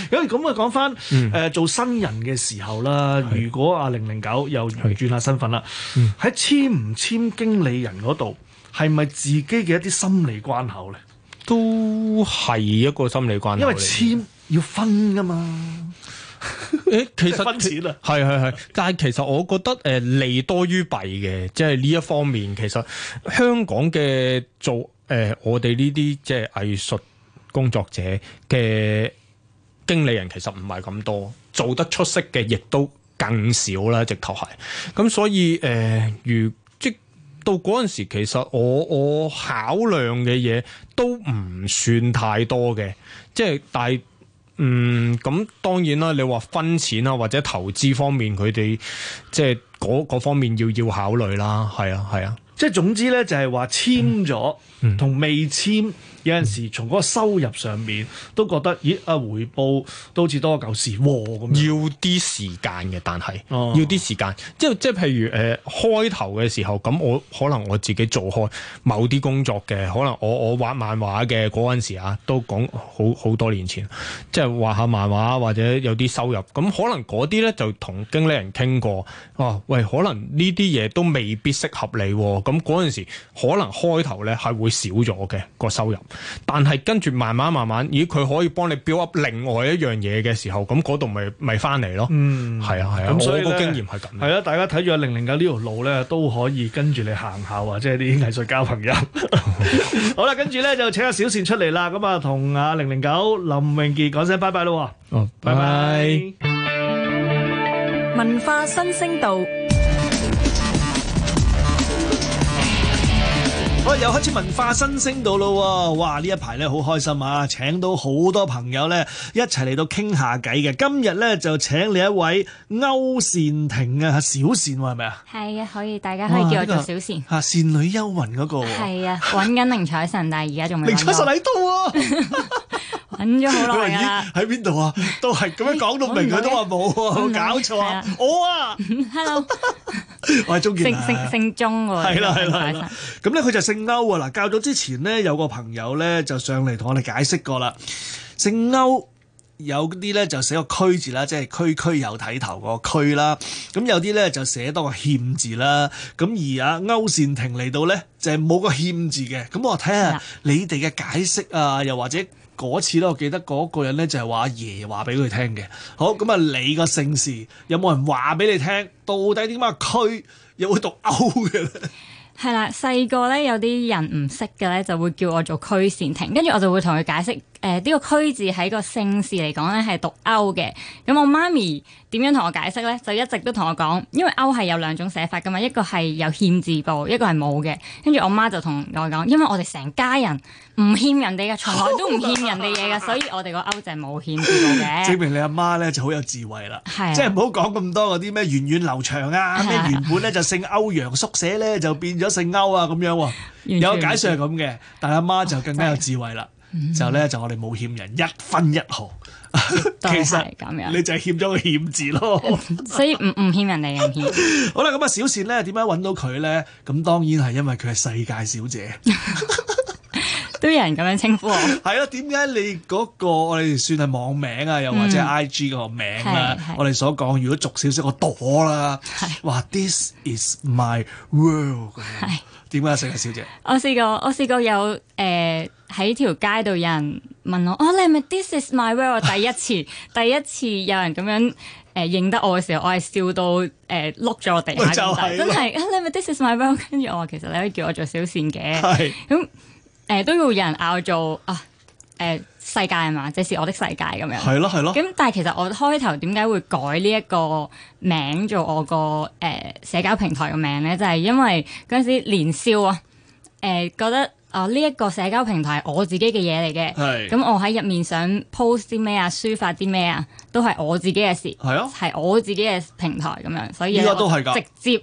咁咁啊，講翻誒做新人嘅時候啦，嗯、如果阿零零九又轉下身份啦，喺、嗯、簽唔簽經理人嗰度，係咪自己嘅一啲心理關口咧？都係一個心理關口，因為簽要分噶嘛。誒， (laughs) 其實分錢啊係係係， (laughs) 但係其實我覺得誒利多於弊嘅，即係呢一方面，其實香港嘅做誒、呃，我哋呢啲即係藝術工作者嘅經理人，其實唔係咁多，做得出色嘅亦都更少啦，直頭係。咁所以誒、呃，如即到嗰陣時，其實我我考量嘅嘢都唔算太多嘅，即係但係。嗯，咁當然啦，你話分錢啦、啊，或者投資方面佢哋即係嗰嗰方面要要考慮啦，係啊係啊，啊即係總之咧就係、係、話簽咗同、嗯嗯、未簽。有陣時從嗰個收入上面都覺得，咦啊回報都好似多咗舊時喎，咁要啲時間嘅，但係、哦、要啲時間。即即譬如誒、呃、開頭嘅時候，咁我可能我自己做開某啲工作嘅，可能我我畫漫畫嘅嗰陣時啊，都講好好多年前，即係畫下漫畫或者有啲收入。咁可能嗰啲咧就同經理人傾過，哦、啊、喂，可能呢啲嘢都未必適合你。咁嗰陣時可能開頭咧係會少咗嘅個收入。但係跟住慢慢慢慢，咦佢可以幫你 build up 另外一樣嘢嘅時候，咁嗰度咪咪翻嚟咯。嗯，係啊係啊，啊所以我個經驗係咁。係啊，大家睇住零零九呢條路咧，都可以跟住你行下或者係啲藝術家朋友。 (laughs) (laughs) (laughs) 好啦，跟住咧就請阿小倩出嚟啦，咁啊同阿零零九林永杰講聲拜拜啦、哦拜哦。拜拜。文化新星道。我又開始文化新星道咯，哇！呢一排咧好開心啊，請到好多朋友咧一齊嚟到傾下偈嘅。今日咧就請你一位區倩婷啊，小倩喎係咪啊？係啊，可以，大家可以叫我做小倩。吓、這個，倩女幽魂嗰、那個。係啊，揾緊寧采臣， (laughs) 但係而家仲未。寧采臣喺度啊！ (laughs) 揾咗好耐啦，喺邊度啊？都係咁樣講到明，佢都話冇啊，搞錯我啊。Hello，我係鍾傑良啊，姓姓姓鍾喎，係啦係啦係啦。咁咧佢就姓歐啊。嗱教咗之前咧，有個朋友咧就上嚟同我哋解釋過啦。姓歐有啲咧就寫個區字啦，即係區區有睇頭個區啦。咁有啲咧就寫多個欠字啦。咁而阿區倩婷嚟到咧就係冇個欠字嘅。咁我睇下你哋嘅解釋啊，又或者。嗰次咧，我記得嗰個人咧就係話阿爺話俾佢聽嘅。好，咁啊，你個姓氏有冇人話俾你聽？到底點解區又會讀歐嘅咧？係啦，細個咧有啲人唔識嘅咧，就會叫我做區倩婷，跟住我就會同佢解釋。誒呢個區字喺個姓氏嚟講咧，係讀歐嘅。咁我媽咪點樣同我解釋咧？就一直都同我講，因為歐係有兩種寫法噶嘛，一個係有欠字部，一個係冇嘅。媽跟住我媽就同我講，因為我哋成家人唔欠人哋嘅，從來都唔欠人哋嘢嘅， (laughs) 所以我哋個歐就係冇欠字部嘅。證明你阿媽咧就好有智慧啦，即係唔好講咁多嗰啲咩源遠流長啊，咩、啊啊、原本咧是、啊、 (laughs) 就姓歐陽，縮寫咧就變咗姓歐啊咁樣。完全 有解釋係咁嘅，但阿媽就更加有智慧啦。就咧、mm hmm. 就我哋冇欠人一分一毫， (laughs) 其實咁樣你就係欠咗個欠字咯， (laughs) (laughs) 所以唔唔欠人哋嘅欠。 (laughs) 好啦，咁啊小倩咧點樣揾到佢咧？咁當然係因為佢係世界小姐。 (laughs) 都有人咁樣稱呼我。係 (laughs) 啊，點解你嗰、那個我哋算係網名啊，又或者 I G 個名啊？嗯、我哋所講，如果俗少少，我躲啦。哇是，This is my world。係點解，小姐？我試過，我試過有誒喺條街度有人問我，哦，你係咪 This is my world？ (laughs) 第一次，第一次有人咁樣誒認得我嘅時候，我係笑到誒碌咗我地 (laughs) 了真係，你係咪 This is my world？跟住我其實你可以叫我做小倩嘅。係咁是。 (laughs) 誒，都要有人拗做啊！誒、呃，世界係嘛，即是我的世界咁樣。係咯，係咯。咁但係其實我開頭點解會改呢一個名做我個誒、呃、社交平台嘅名咧，就係因為嗰陣時年少啊，誒、呃、覺得啊呢一個社交平台係我自己嘅嘢嚟嘅。係的。咁我喺入面想 post 啲咩啊，抒發啲咩啊，都係我自己嘅事。係咯的。係我自己嘅平台咁樣，所以而家都係㗎。直接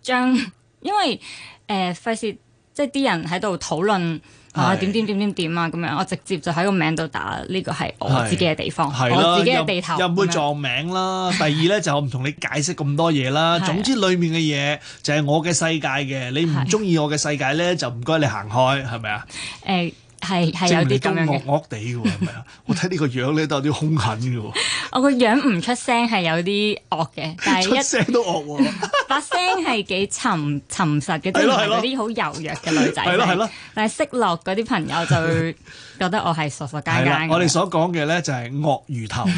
將，因為誒費事即係啲人喺度討論。是啊！點點點點點啊！咁樣，我直接就喺個名度打呢個係我自己嘅地方，啊、係我自己嘅地頭又唔會撞名啦。樣第二咧 (laughs) 就唔同你解釋咁多嘢啦。總之裡面嘅嘢就係我嘅世界嘅，你唔中意我嘅世界咧、啊、就唔該你行開，係咪啊？誒、欸。係係有啲咁樣嘅，惡惡地嘅喎，係咪啊？我睇呢個樣咧，都有啲兇狠嘅喎。我個樣唔出聲係有啲惡嘅，但係一聲都惡喎。把聲係幾沉沉實嘅，對咯，係咯，嗰啲好柔弱嘅女仔，係咯係咯。但係識落嗰啲朋友就會覺得我係傻傻更更。我哋所講嘅咧就係鱷魚頭，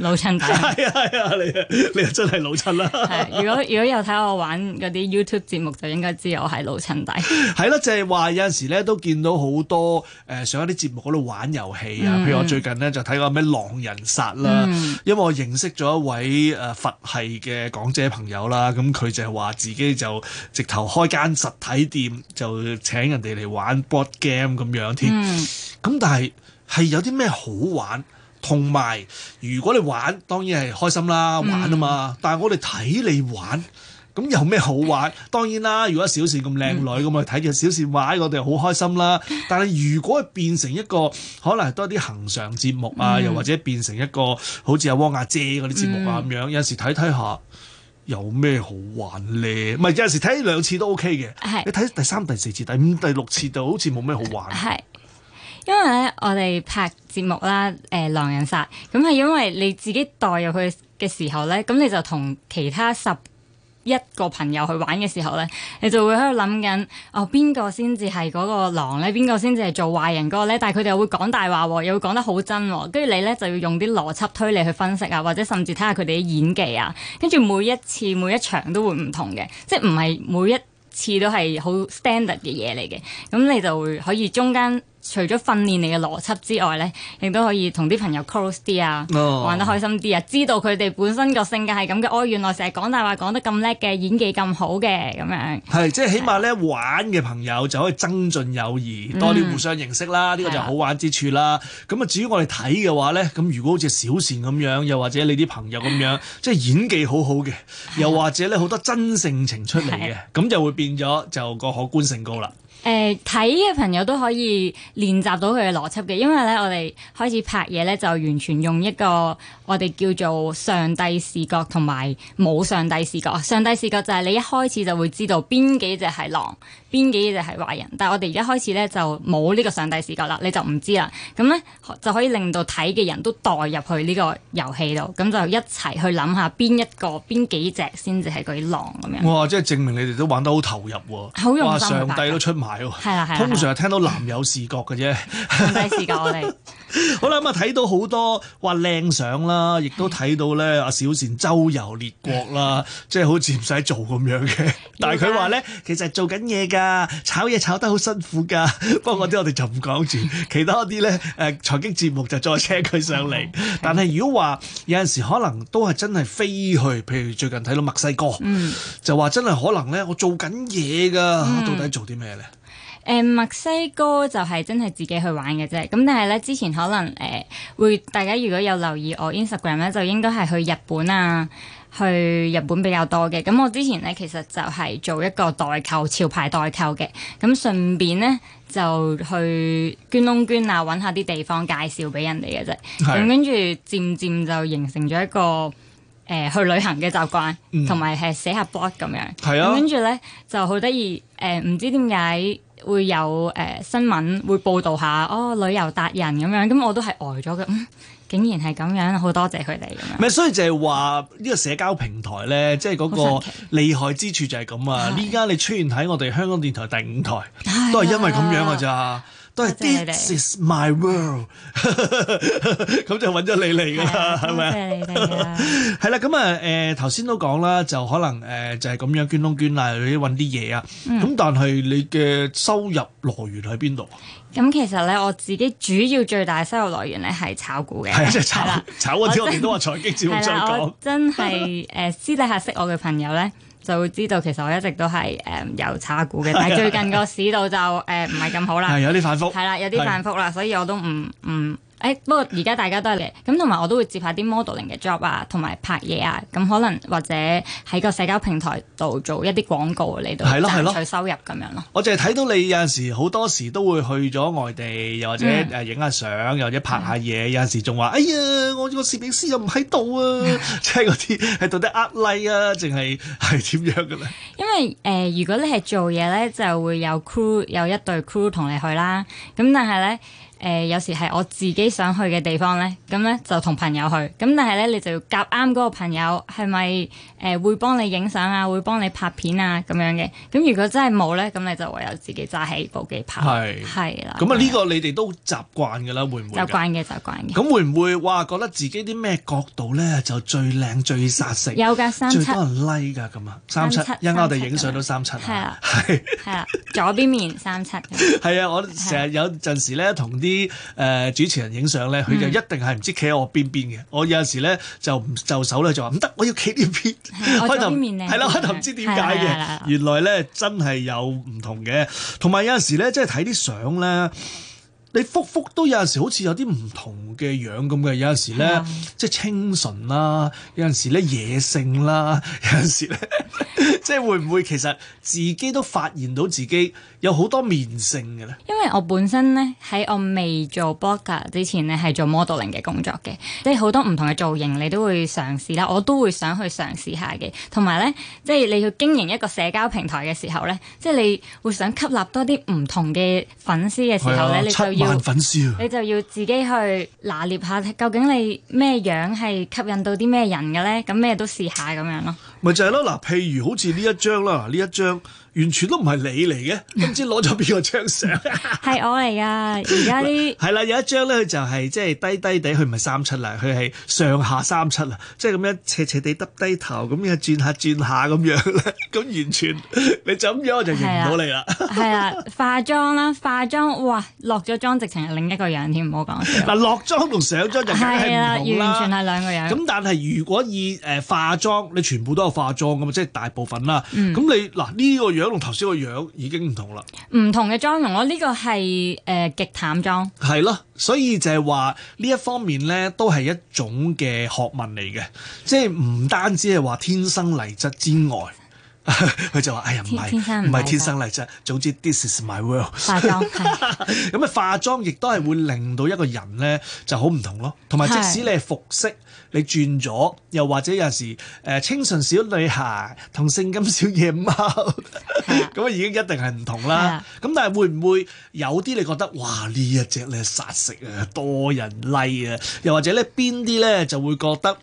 老襯底係啊，你啊你,、啊你,啊你,啊你啊、真係老襯啦！係 (laughs) 如果如果有睇我玩嗰啲 YouTube 節目就應該知我係老襯底。係啦、 (laughs) 啊，就係、是、話有陣時咧都見到好多誒、呃、上一啲節目嗰度玩遊戲啊，譬如我最近咧就睇個咩狼人殺啦，嗯、因為我認識咗一位誒佛系嘅港姐朋友啦，咁佢就話自己就直頭開間實體店就請人哋嚟玩 board game 咁樣添。咁、嗯、但係係有啲咩好玩？同埋，如果你玩，當然係開心啦，玩啊嘛！嗯、但係我哋睇你玩，咁有咩好玩？當然啦，如果小倩咁靚女咁啊，睇見、嗯、小倩玩，我哋好開心啦。嗯、但係如果變成一個，可能係多啲恒常節目啊，嗯、又或者變成一個好似阿汪阿姐嗰啲節目啊咁、嗯、樣，有陣時睇睇下有咩好玩呢？唔係有陣時睇兩次都 OK 嘅，是你睇第三、第四次、第五、第六次就好似冇咩好玩。係。因為咧，我哋拍節目啦，誒《狼人殺》，咁係因為你自己代入去嘅時候咧，咁你就同其他十一個朋友去玩嘅時候咧，你就會喺度諗緊，哦，邊個先至係嗰個狼咧？邊個先至係做壞人嗰個咧？但係佢哋又會講大話，又會講得好真，跟住你咧就要用啲邏輯推理去分析啊，或者甚至睇下佢哋嘅演技啊。跟住每一次每一場都會唔同嘅，即係唔係每一次都係好 standard 嘅嘢嚟嘅，咁你就會可以中間。除咗訓練你嘅邏輯之外咧，亦都可以同啲朋友 close 啲啊，oh. 玩得開心啲啊，知道佢哋本身個性格係咁嘅。哦，原來成日講大話講得咁叻嘅，演技咁好嘅，咁樣。係，即係起碼咧，玩嘅朋友就可以增進友誼，的多啲互相認識啦。呢、mm. 個就好玩之處啦。咁啊的，至於我哋睇嘅話咧，咁如果好似小倩咁樣，又或者你啲朋友咁樣， (laughs) 即係演技好好嘅，又或者咧好多真性情出嚟嘅，咁就會變咗就個可觀性高啦。誒，睇嘅朋友都可以練習到佢嘅邏輯嘅，因為咧我哋開始拍嘢咧，就完全用一個我哋叫做上帝視角同埋冇上帝視角。上帝視角就係你一開始就會知道邊幾隻係狼。邊幾隻係壞人？但係我哋而家開始咧就冇呢個上帝視角啦，你就唔知啦。咁咧就可以令到睇嘅人都代入去呢個遊戲度，咁就一齊去諗下邊一個、邊幾隻先至係嗰啲狼咁樣。哇！即係證明你哋都玩得好投入喎。好用心啊！上帝都出埋喎。係啦係啦。通常係聽到男友視角嘅啫。 (laughs) 上帝視角，我哋。好啦咁啊，睇到好多哇靚相啦，亦都睇到咧阿小倩周遊列國啦，嗯、即係好似唔使做咁樣嘅。嗯、但係佢話咧，其實做緊嘢噶，炒嘢炒得好辛苦噶。嗯、不過啲我哋就唔講住，嗯、其他啲咧誒財經節目就再請佢上嚟。嗯 okay. 但係如果話有陣時可能都係真係飛去，譬如最近睇到墨西哥，嗯、就話真係可能咧，嗯、我做緊嘢噶，到底做啲咩咧？誒墨西哥就係真係自己去玩嘅啫，咁但係咧之前可能誒會、呃、大家如果有留意我 Instagram 咧，就應該係去日本啊，去日本比較多嘅。咁我之前咧其實就係做一個代購潮牌代購嘅，咁順便咧就去捐窿捐啊，揾下啲地方介紹俾人哋嘅啫。咁跟住漸漸就形成咗一個誒、呃、去旅行嘅習慣，同埋係寫下 blog 咁樣。係啊是的，跟住咧就好得意誒，唔、呃、知點解。會有誒新聞會報道下哦，旅遊達人咁樣，咁我都係呆咗嘅。嗯，竟然係咁樣，好多謝佢哋咁樣。唔係，所以就係話呢個社交平台咧，即係嗰個厲害之處就係咁啊！依家你出現喺我哋香港電台第五台，的都係因為咁樣㗎咋。都係 This is my world，咁 (laughs) 就搵咗你嚟噶啦，係咪啊？係啦吧，咁啊，誒， (laughs) 頭先都講啦，就可能誒，就係咁樣捐窿捐罅，去搵啲嘢啊。咁但係你嘅收入來源喺邊度？咁、嗯、其實咧，我自己主要最大收入來源咧係炒股嘅。係即係炒，炒我之前都話財經節目再講。真係誒， (laughs) 私底下識我嘅朋友咧。就會知道其實我一直都係誒、嗯、有炒股嘅，但係最近個市道就誒唔係咁好啦，係 (laughs) 有啲反覆，係啦有啲反覆啦，是的 所以我都唔唔。嗯誒、哎、不過而家大家都係嚟咁，同埋我都會接下啲 modeling 嘅 job 啊，同埋拍嘢啊。咁可能或者喺個社交平台度做一啲廣告，嚟到，係咯係咯，取收入咁樣咯。我淨係睇到你有陣時好多時都會去咗外地，又或者誒影下相，又或者拍，或者拍下嘢。嗯、有陣時仲話：哎呀，我個攝影師又唔喺度啊！即係嗰啲喺度啲呃例啊，淨係係點樣嘅咧？因為誒、呃，如果你係做嘢咧，就會有 crew 有一隊 crew 同你去啦。咁但係咧。誒有時係我自己想去嘅地方咧，咁咧就同朋友去，咁但係咧你就要夾啱嗰個朋友係咪誒會幫你影相啊，會幫你拍片啊咁樣嘅？咁如果真係冇咧，咁你就唯有自己揸起部機拍，係係啦。咁啊呢個你哋都習慣㗎啦，會唔會？習慣嘅，習慣嘅。咁會唔會哇覺得自己啲咩角度咧就最靚最殺性有㗎，三七，最多人 like 㗎，咁啊三七，因為我哋影相都三七，係啊係啊，左邊面三七係啊，我成日有陣時咧同啲。啲誒主持人影相咧，佢就一定係唔知企喺我邊邊嘅。我有時咧就唔就手咧就話唔得，我要企呢邊。我左邊啦，開頭唔知點解嘅。原來咧真係有唔同嘅，同埋有陣時咧即係睇啲相咧。你幅幅都有陣時好似有啲唔同嘅樣咁嘅，有陣時咧、嗯、即係清純啦，有陣時咧野性啦，有陣時咧 (laughs) 即係會唔會其實自己都發現到自己有好多面性嘅咧？因為我本身咧喺我未做 blogger 之前咧係做 modeling 嘅工作嘅，即係好多唔同嘅造型你都會嘗試啦，我都會想去嘗試下嘅。同埋咧，即係你要經營一個社交平台嘅時候咧，即係你會想吸納多啲唔同嘅粉絲嘅時候咧，啊、你就要你就要自己去拿捏下，究竟你咩樣係吸引到啲咩人嘅咧？咁咩都試下咁樣咯。咪就係咯，嗱，譬如好似呢一張啦，嗱，呢一張完全都唔係你嚟嘅，都唔知攞咗邊個張相？係 (laughs) 我嚟噶，而家啲係啦，有一張咧，佢就係即係低低地，佢唔係三七啦，佢係上下三七啦，即係咁樣斜斜地耷低頭，咁樣轉下轉下咁樣，咁完全你就咁樣我就認唔到你啦。係啊，啊，化妝啦、啊，化妝，哇，落咗妝直情係另一個樣添，唔好講笑嗱，落妝同上妝就梗係唔同，啊、完全係兩個人。咁但係如果以誒化妝，你全部都。化妝咁啊，即係大部分啦。咁，嗯，你嗱呢個樣同頭先個樣已經唔同啦。唔同嘅妝容哦，呢個係誒極淡妝，係咯。所以就係話呢一方面咧，都係一種嘅學問嚟嘅，即係唔單止係話天生麗質之外。佢 (laughs) 就話，哎呀，唔係，唔係天生麗質。總之，this is my world。 (laughs) 化妝，咁啊， (laughs) 化妝亦都係會令到一個人咧就好唔同咯。同埋，即使你係服飾，你轉咗，又或者有時誒清純小女孩同性感小夜貓，咁啊的 (laughs) 已經一定係唔同啦。咁的但係會唔會有啲你覺得，哇！呢一隻咧殺食啊，多人 like 啊，又或者咧邊啲咧就會覺得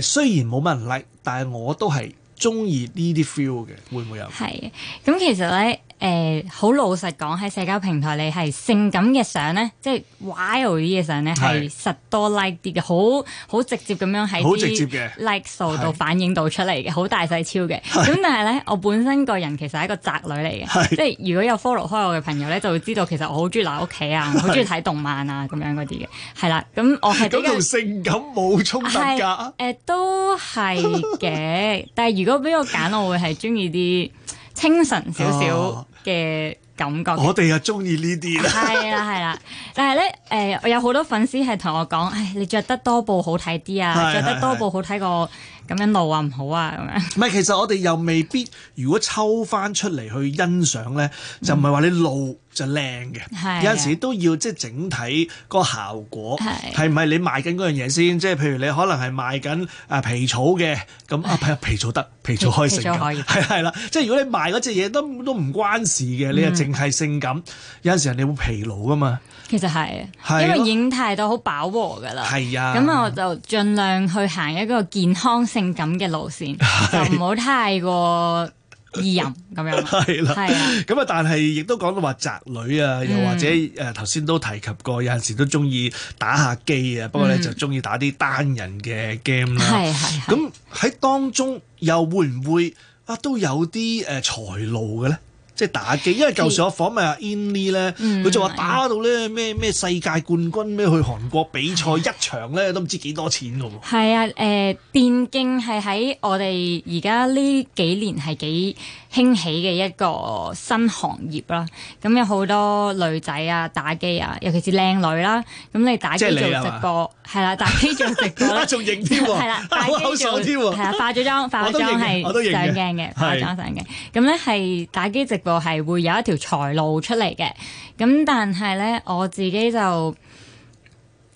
誒，雖然冇乜人 like，但係我都係。中意呢啲 feel 嘅，會唔會有？係啊，咁其實咧。誒，好、欸、老實講，喺社交平台你係性感嘅相咧，即係 wild 嘅相咧，係是實多 like 啲嘅，好好直接咁樣喺啲 like 數度反映到出嚟嘅，好是大細超嘅。咁是但係咧，我本身個人其實係一個宅女嚟嘅，是即係如果有 follow 開我嘅朋友咧，就會知道其實我好中意留喺屋企啊，好中意睇動漫啊咁樣嗰啲嘅，係啦。咁我係嗰度性感冇衝突㗎。誒、欸，都係嘅，但係如果俾我揀，我會係中意啲。 (laughs) 清純少少嘅感覺。哦，我哋又中意呢啲。係啦係啦，但係咧誒，有好多粉絲係同我講，唉，你着得多部好睇啲啊，着是的 得多部好睇過。咁樣露啊唔好啊咁樣，唔 (laughs) 係其實我哋又未必，如果抽翻出嚟去欣賞咧，就唔係話你露就靚嘅，嗯、有陣時都要即係整體個效果，係唔係你賣緊嗰樣嘢先？即係譬如你可能係賣緊誒皮草嘅，咁啊皮皮草得皮，皮草可以性感，係係啦，即係如果你賣嗰隻嘢都都唔關事嘅，你啊淨係性感，嗯、有陣時人哋會疲勞噶嘛。其實係，因為影太多好飽和噶啦，咁啊我就盡量去行一個健康性感嘅路線，就唔好太過意淫咁樣。係啦，係啊，咁啊，但係亦都講到話宅女啊，又或者誒，頭先都提及過，有陣時都中意打下機啊，不過咧就中意打啲單人嘅 game 啦。係係，咁喺當中又會唔會啊都有啲誒財路嘅咧？即係打機，因為舊時我訪問阿 Inly 咧，佢就話打到咧咩咩世界冠軍咩、嗯、去韓國比賽一場咧的都唔知幾多錢嘅喎。係啊，誒、呃、電競係喺我哋而家呢幾年係幾興起嘅一個新行業啦。咁有好多女仔啊打機啊，尤其是靚女啦。咁你打機做直播係啦，打機做直播仲影啲喎，係啦， (laughs) 好 (laughs) 口爽添喎，係啊，化咗妝，化咗妝係我都認嘅，上鏡嘅，化妝上鏡。咁咧係打機直。係會有一條財路出嚟嘅，咁但係呢，我自己就。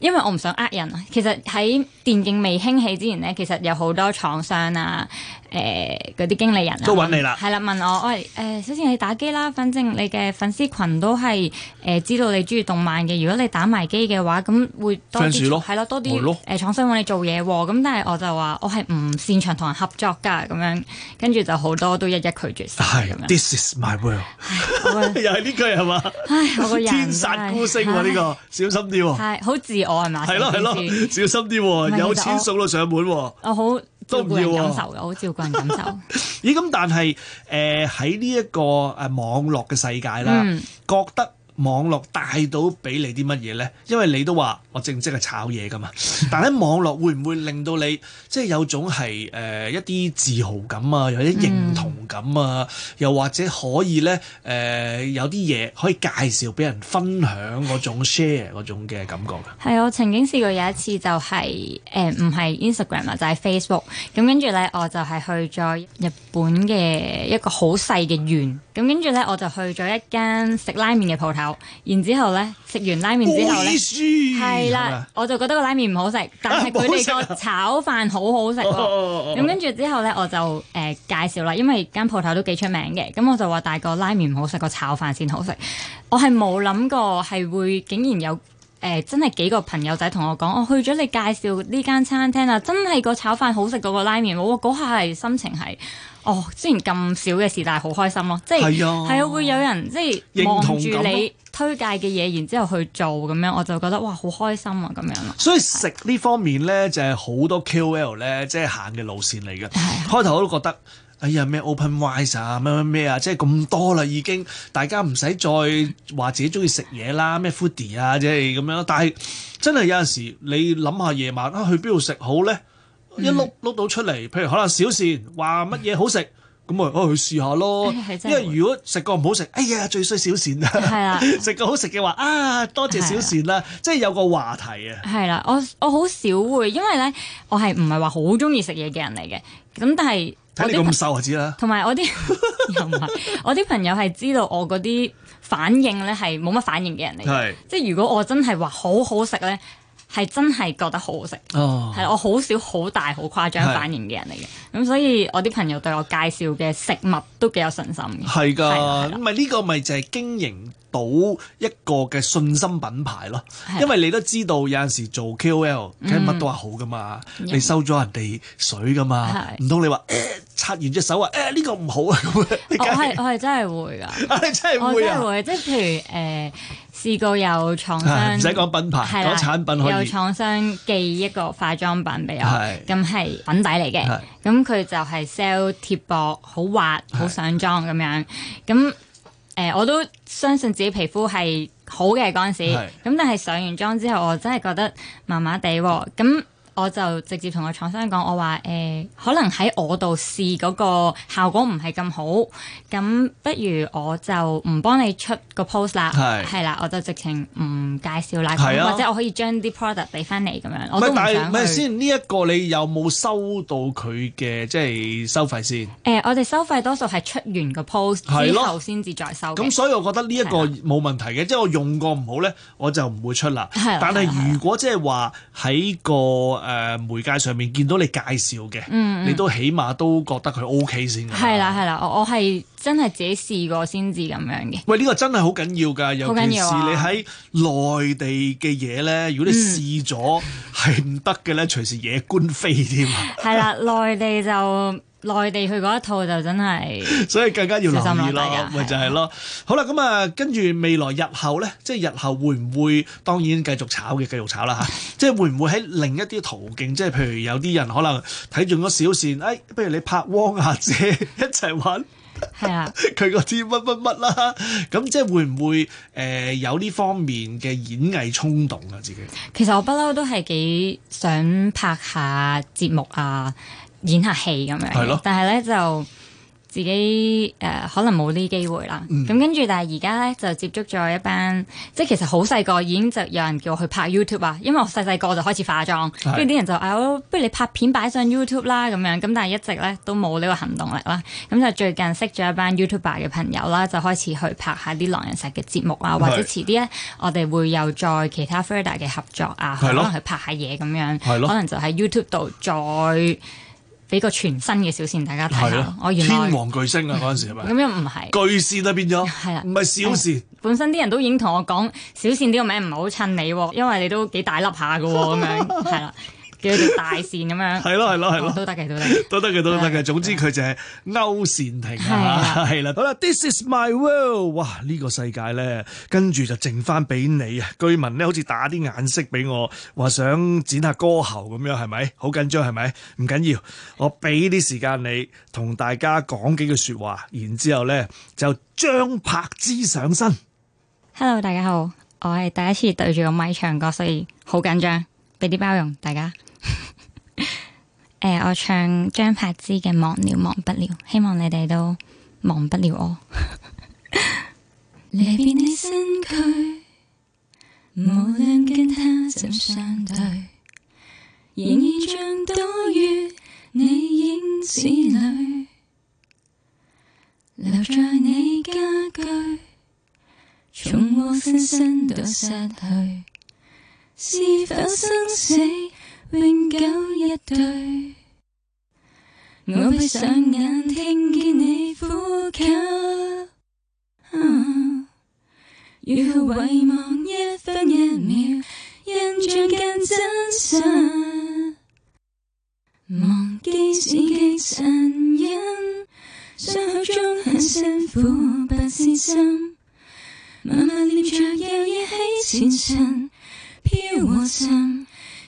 因為我唔想呃人，啊。其實喺電競未興起之前咧，其實有好多廠商啊，誒嗰啲經理人、啊、都揾你啦，係啦、嗯，問我，喂、哎，誒首先你打機啦，反正你嘅粉絲群都係誒、呃、知道你中意動漫嘅，如果你打埋機嘅話，咁會多啲咯，係咯，多啲誒廠商揾你做嘢喎、啊，咁但係我就話我係唔擅長同人合作㗎，咁樣跟住就好多都一一拒絕。係、哎、樣，This is my world 又係呢句係嘛？唉、哎，我個人天煞孤星喎、啊，呢、這個 (laughs) 小心啲喎、啊哎，好自我。係咯係咯，是是小心啲，是有錢送到上門我。我好都唔要感受嘅，我好照顧個人感受。咦，咁 (laughs) 但係誒喺呢一個誒網絡嘅世界啦，嗯、覺得。網絡帶到俾你啲乜嘢咧？因為你都話我正式係炒嘢噶嘛，但係喺網絡會唔會令到你即係有種係誒、呃、一啲自豪感啊，有啲認同感啊，嗯、又或者可以咧誒、呃、有啲嘢可以介紹俾人分享嗰種 (laughs) share 嗰種嘅感覺㗎？係我曾經試過有一次就係誒唔係 Instagram 啊，呃、Instagram，就係 Facebook 咁，跟住咧我就係去咗日本嘅一個好細嘅縣。咁跟住呢，我就去咗一間食拉麵嘅鋪頭，然之後呢，食完拉麵之後呢，係啦了，嗎我就覺得個拉麵唔好食，但係佢哋個炒飯好、啊、好食、啊。咁跟住之後呢、呃，我就誒介紹啦，因為間鋪頭都幾出名嘅。咁我就話大個拉麵唔好食，個炒飯先好食。我係冇諗過係會竟然有誒、呃、真係幾個朋友仔同我講、哦，我去咗你介紹呢間餐廳啦，真係個炒飯好食過個拉麵。我嗰下係心情係～哦，之前咁少嘅事，但係好開心咯，即係係啊，會有人即係認同住你推介嘅嘢，然之後去做咁樣，我就覺得哇，好開心啊咁樣。所以食呢方面咧，就係、是、好多 KOL 咧，即係行嘅路線嚟嘅。 (laughs) 開頭我都覺得，哎呀咩 Open Wise 啊，咩咩咩啊，即係咁多啦已經，大家唔使再話自己中意食嘢啦，咩 foodie 啊，即係咁樣。但係真係有陣時，你諗下夜晚啊，去邊度食好咧？嗯、一碌碌到出嚟，譬如可能小善話乜嘢好食，咁、嗯、我可去試下咯。因為如果食過唔好食，哎呀最衰小善啊！食過的 (laughs) 好食嘅話，啊多謝小善啦，的即係有個話題啊。係啦，我我好少會，因為咧我係唔係話好中意食嘢嘅人嚟嘅，咁但係睇你咁瘦就知啦。同埋 (laughs) 我啲，又唔係，我啲朋友係知道我嗰啲反應咧係冇乜反應嘅人嚟，即係的如果我真係話好好食咧。係真係覺得好好食，係、哦、我好少好大好誇張反應嘅人嚟嘅，咁的所以我啲朋友對我介紹嘅食物都幾有信心嘅。係㗎的，咁咪呢個咪就係經營到一個嘅信心品牌咯。的因為你都知道有陣時做 KOL，梗係乜都話好㗎嘛，嗯、你收咗人哋水㗎嘛，唔通的你話擦、呃、完隻手啊？呢、呃呢個唔好啊！ (laughs) 當然 哦、我係我係真係會㗎，真係會啊！即係譬如誒。 (laughs) 試過有廠商，唔使講品牌，講啦產品，可以有廠商寄一個化妝品俾我，咁係粉底嚟嘅，咁佢是就係 sell 貼薄，好滑，好上是妝咁樣。咁誒、呃，我都相信自己皮膚係好嘅嗰陣時，咁是但係上完妝之後，我真係覺得麻麻地咁。我就直接同個廠商講，我話誒、欸、可能喺我度試嗰個效果唔係咁好，咁不如我就唔幫你出個 post 啦，係啦的，我就直情唔介紹啦，的或者我可以將啲 product 俾翻你咁樣，我都唔想。但係先呢一個，你有冇收到佢嘅即係收費先？誒、欸，我哋收費多數係出完個 post 之後先至再收。咁所以我覺得呢一個冇問題嘅，的即係我用過唔好咧，我就唔會出啦。的但係如果即係話喺個。的誒、媒介上面見到你介紹嘅，嗯嗯，你都起碼都覺得佢 OK 先嘅。係啦，係啦，我我係真係自己試過先至咁樣嘅。喂，呢、呢個真係好緊要㗎，尤其是你喺內地嘅嘢咧，啊、如果你試咗係唔得嘅咧，隨時惹官非添。係 (laughs) 啦，內地就。 (laughs) 內地去嗰一套就真係，所以更加要留意咯，咪就係咯。的好啦，咁啊，跟住未來日後咧，即係日後會唔會當然繼續炒嘅，繼續炒啦吓， (laughs) 即係會唔會喺另一啲途徑，即係譬如有啲人可能睇中咗小倩，哎，不如你拍汪阿姐一齊玩，係啊 (laughs) 的，佢嗰啲乜乜乜啦。咁即係會唔會誒、呃、有呢方面嘅演藝衝動啊？自己其實我不嬲都係幾想拍下節目啊。演下戲咁樣，但係咧就自己誒、呃、可能冇呢機會啦。咁、嗯、跟住，但係而家咧就接觸咗一班，即係其實好細個已經就有人叫我去拍 YouTube 啊。因為我細細個就開始化妝，跟住啲人就嗌我、哦，不如你拍片擺上 YouTube 啦咁樣。咁但係一直咧都冇呢個行動力啦。咁就最近識咗一班 YouTuber 嘅朋友啦，就開始去拍下啲狼人殺嘅節目啊，是的 或者遲啲咧我哋會有再其他 Freder 嘅合作啊，是的 可能去拍下嘢咁樣，可能就喺 YouTube 度再。俾個全新嘅小倩大家睇咯，的我原來天王巨星啊嗰陣時係咪？咁樣唔係巨線啊，變咗，係啦的，唔係小倩。本身啲人都已經同我講，小倩呢個名唔係好襯你，因為你都幾大粒下嘅喎，咁樣係啦。 (laughs) 一條大線咁樣，係咯係咯係咯，都得嘅都得嘅，都得嘅 (laughs) 都得嘅。總之佢就係區倩婷啊，係啦的。 (laughs) 好啦，This is my world，哇，呢、這個世界咧，跟住就剩翻俾你啊！居民咧，好似打啲眼色俾我，話想剪下歌喉咁樣，係咪？好緊張，係咪？唔緊要，我俾啲時間你同大家講幾句說話，然之後咧就張柏芝上身。Hello，大家好，我係第一次對住個麥唱歌，所以好緊張，俾啲包容大家。呃、我唱張柏芝嘅《忘了忘不了》，希望你哋都忘不了我。 (laughs) (music) 離別你身軀，無論跟他怎相對，仍然像躲於你影子裏，留在你家居，從我分身，身都失去，是否生死，永久一對，我閉上眼聽見你呼吸，啊、如何遺忘一分一秒，印象更真實。忘記是極殘忍，傷口中很辛苦，不私心，默默念着又一起前塵，飄和沉。